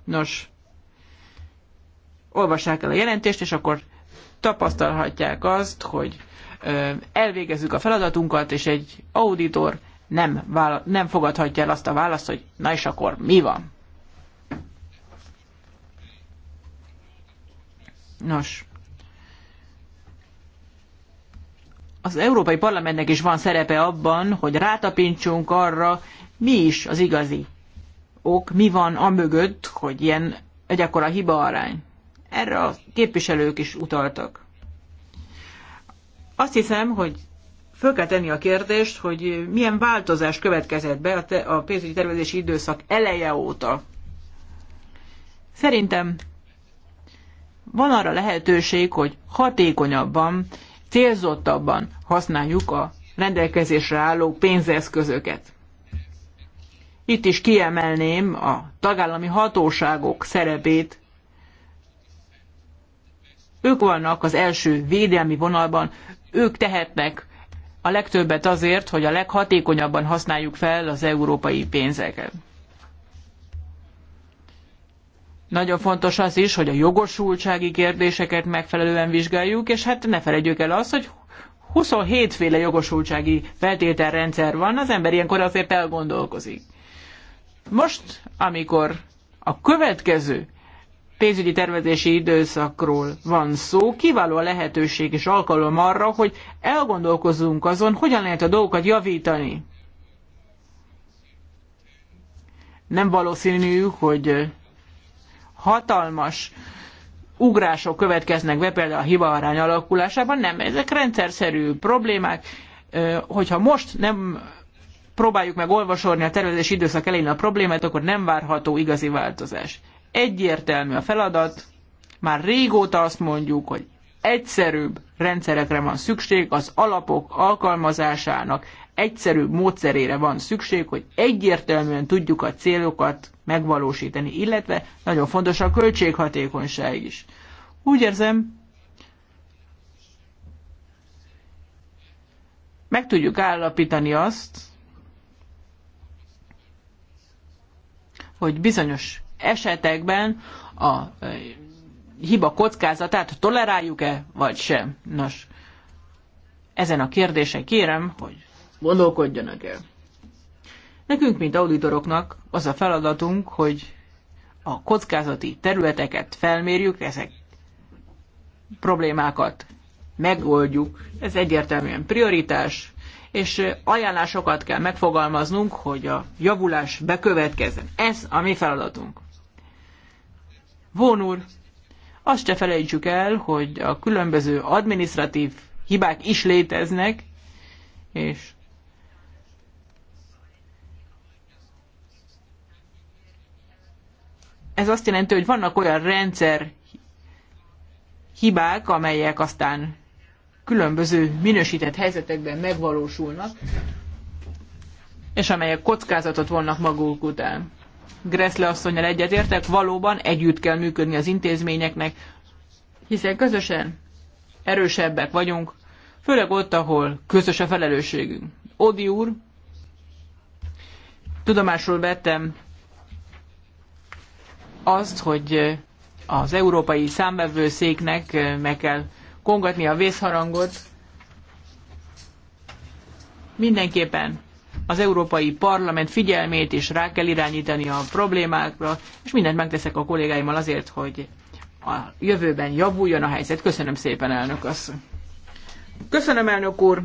Speaker 1: Nos, olvassák el a jelentést, és akkor tapasztalhatják azt, hogy elvégezzük a feladatunkat, és egy auditor nem, vála- nem fogadhatja el azt a választ, hogy na és akkor mi van? Nos, az Európai Parlamentnek is van szerepe abban, hogy rátapintsunk arra, mi is az igazi ok, mi van amögött, hogy ilyen egy a hiba arány. Erre a képviselők is utaltak. Azt hiszem, hogy föl kell tenni a kérdést, hogy milyen változás következett be a, te, a pénzügyi tervezési időszak eleje óta. Szerintem van arra lehetőség, hogy hatékonyabban, célzottabban használjuk a rendelkezésre álló pénzeszközöket. Itt is kiemelném a tagállami hatóságok szerepét ők vannak az első védelmi vonalban, ők tehetnek a legtöbbet azért, hogy a leghatékonyabban használjuk fel az európai pénzeket. Nagyon fontos az is, hogy a jogosultsági kérdéseket megfelelően vizsgáljuk, és hát ne felejtjük el azt, hogy 27 féle jogosultsági feltételrendszer van, az ember ilyenkor azért elgondolkozik. Most, amikor a következő pénzügyi tervezési időszakról van szó, kiváló a lehetőség és alkalom arra, hogy elgondolkozzunk azon, hogyan lehet a dolgokat javítani. Nem valószínű, hogy hatalmas ugrások következnek be, például a hibaarány alakulásában, nem, ezek rendszerszerű problémák, hogyha most nem próbáljuk meg olvasolni a tervezési időszak elején a problémát, akkor nem várható igazi változás egyértelmű a feladat, már régóta azt mondjuk, hogy egyszerűbb rendszerekre van szükség, az alapok alkalmazásának egyszerűbb módszerére van szükség, hogy egyértelműen tudjuk a célokat megvalósítani, illetve nagyon fontos a költséghatékonyság is. Úgy érzem, meg tudjuk állapítani azt, hogy bizonyos esetekben a hiba kockázatát toleráljuk-e, vagy sem. Nos, ezen a kérdésen kérem, hogy gondolkodjanak el. Nekünk, mint auditoroknak az a feladatunk, hogy a kockázati területeket felmérjük, ezek problémákat megoldjuk. Ez egyértelműen prioritás, és ajánlásokat kell megfogalmaznunk, hogy a javulás bekövetkezzen. Ez a mi feladatunk. Von úr, azt se felejtsük el, hogy a különböző administratív hibák is léteznek, és ez azt jelenti, hogy vannak olyan rendszer hibák, amelyek aztán különböző minősített helyzetekben megvalósulnak, és amelyek kockázatot vonnak maguk után. Gressle asszonynal egyetértek, valóban együtt kell működni az intézményeknek, hiszen közösen erősebbek vagyunk, főleg ott, ahol közös a felelősségünk. Odi úr, tudomásul vettem azt, hogy az európai számvevőszéknek meg kell kongatni a vészharangot. Mindenképpen az Európai Parlament figyelmét is rá kell irányítani a problémákra, és mindent megteszek a kollégáimmal azért, hogy a jövőben javuljon a helyzet. Köszönöm szépen, elnök asszony. Köszönöm, elnök úr.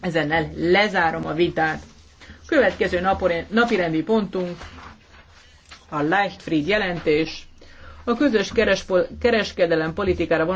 Speaker 1: Ezennel lezárom a vitát. Következő napirendi pontunk a Leichtfried jelentés, a közös kereskedelem politikára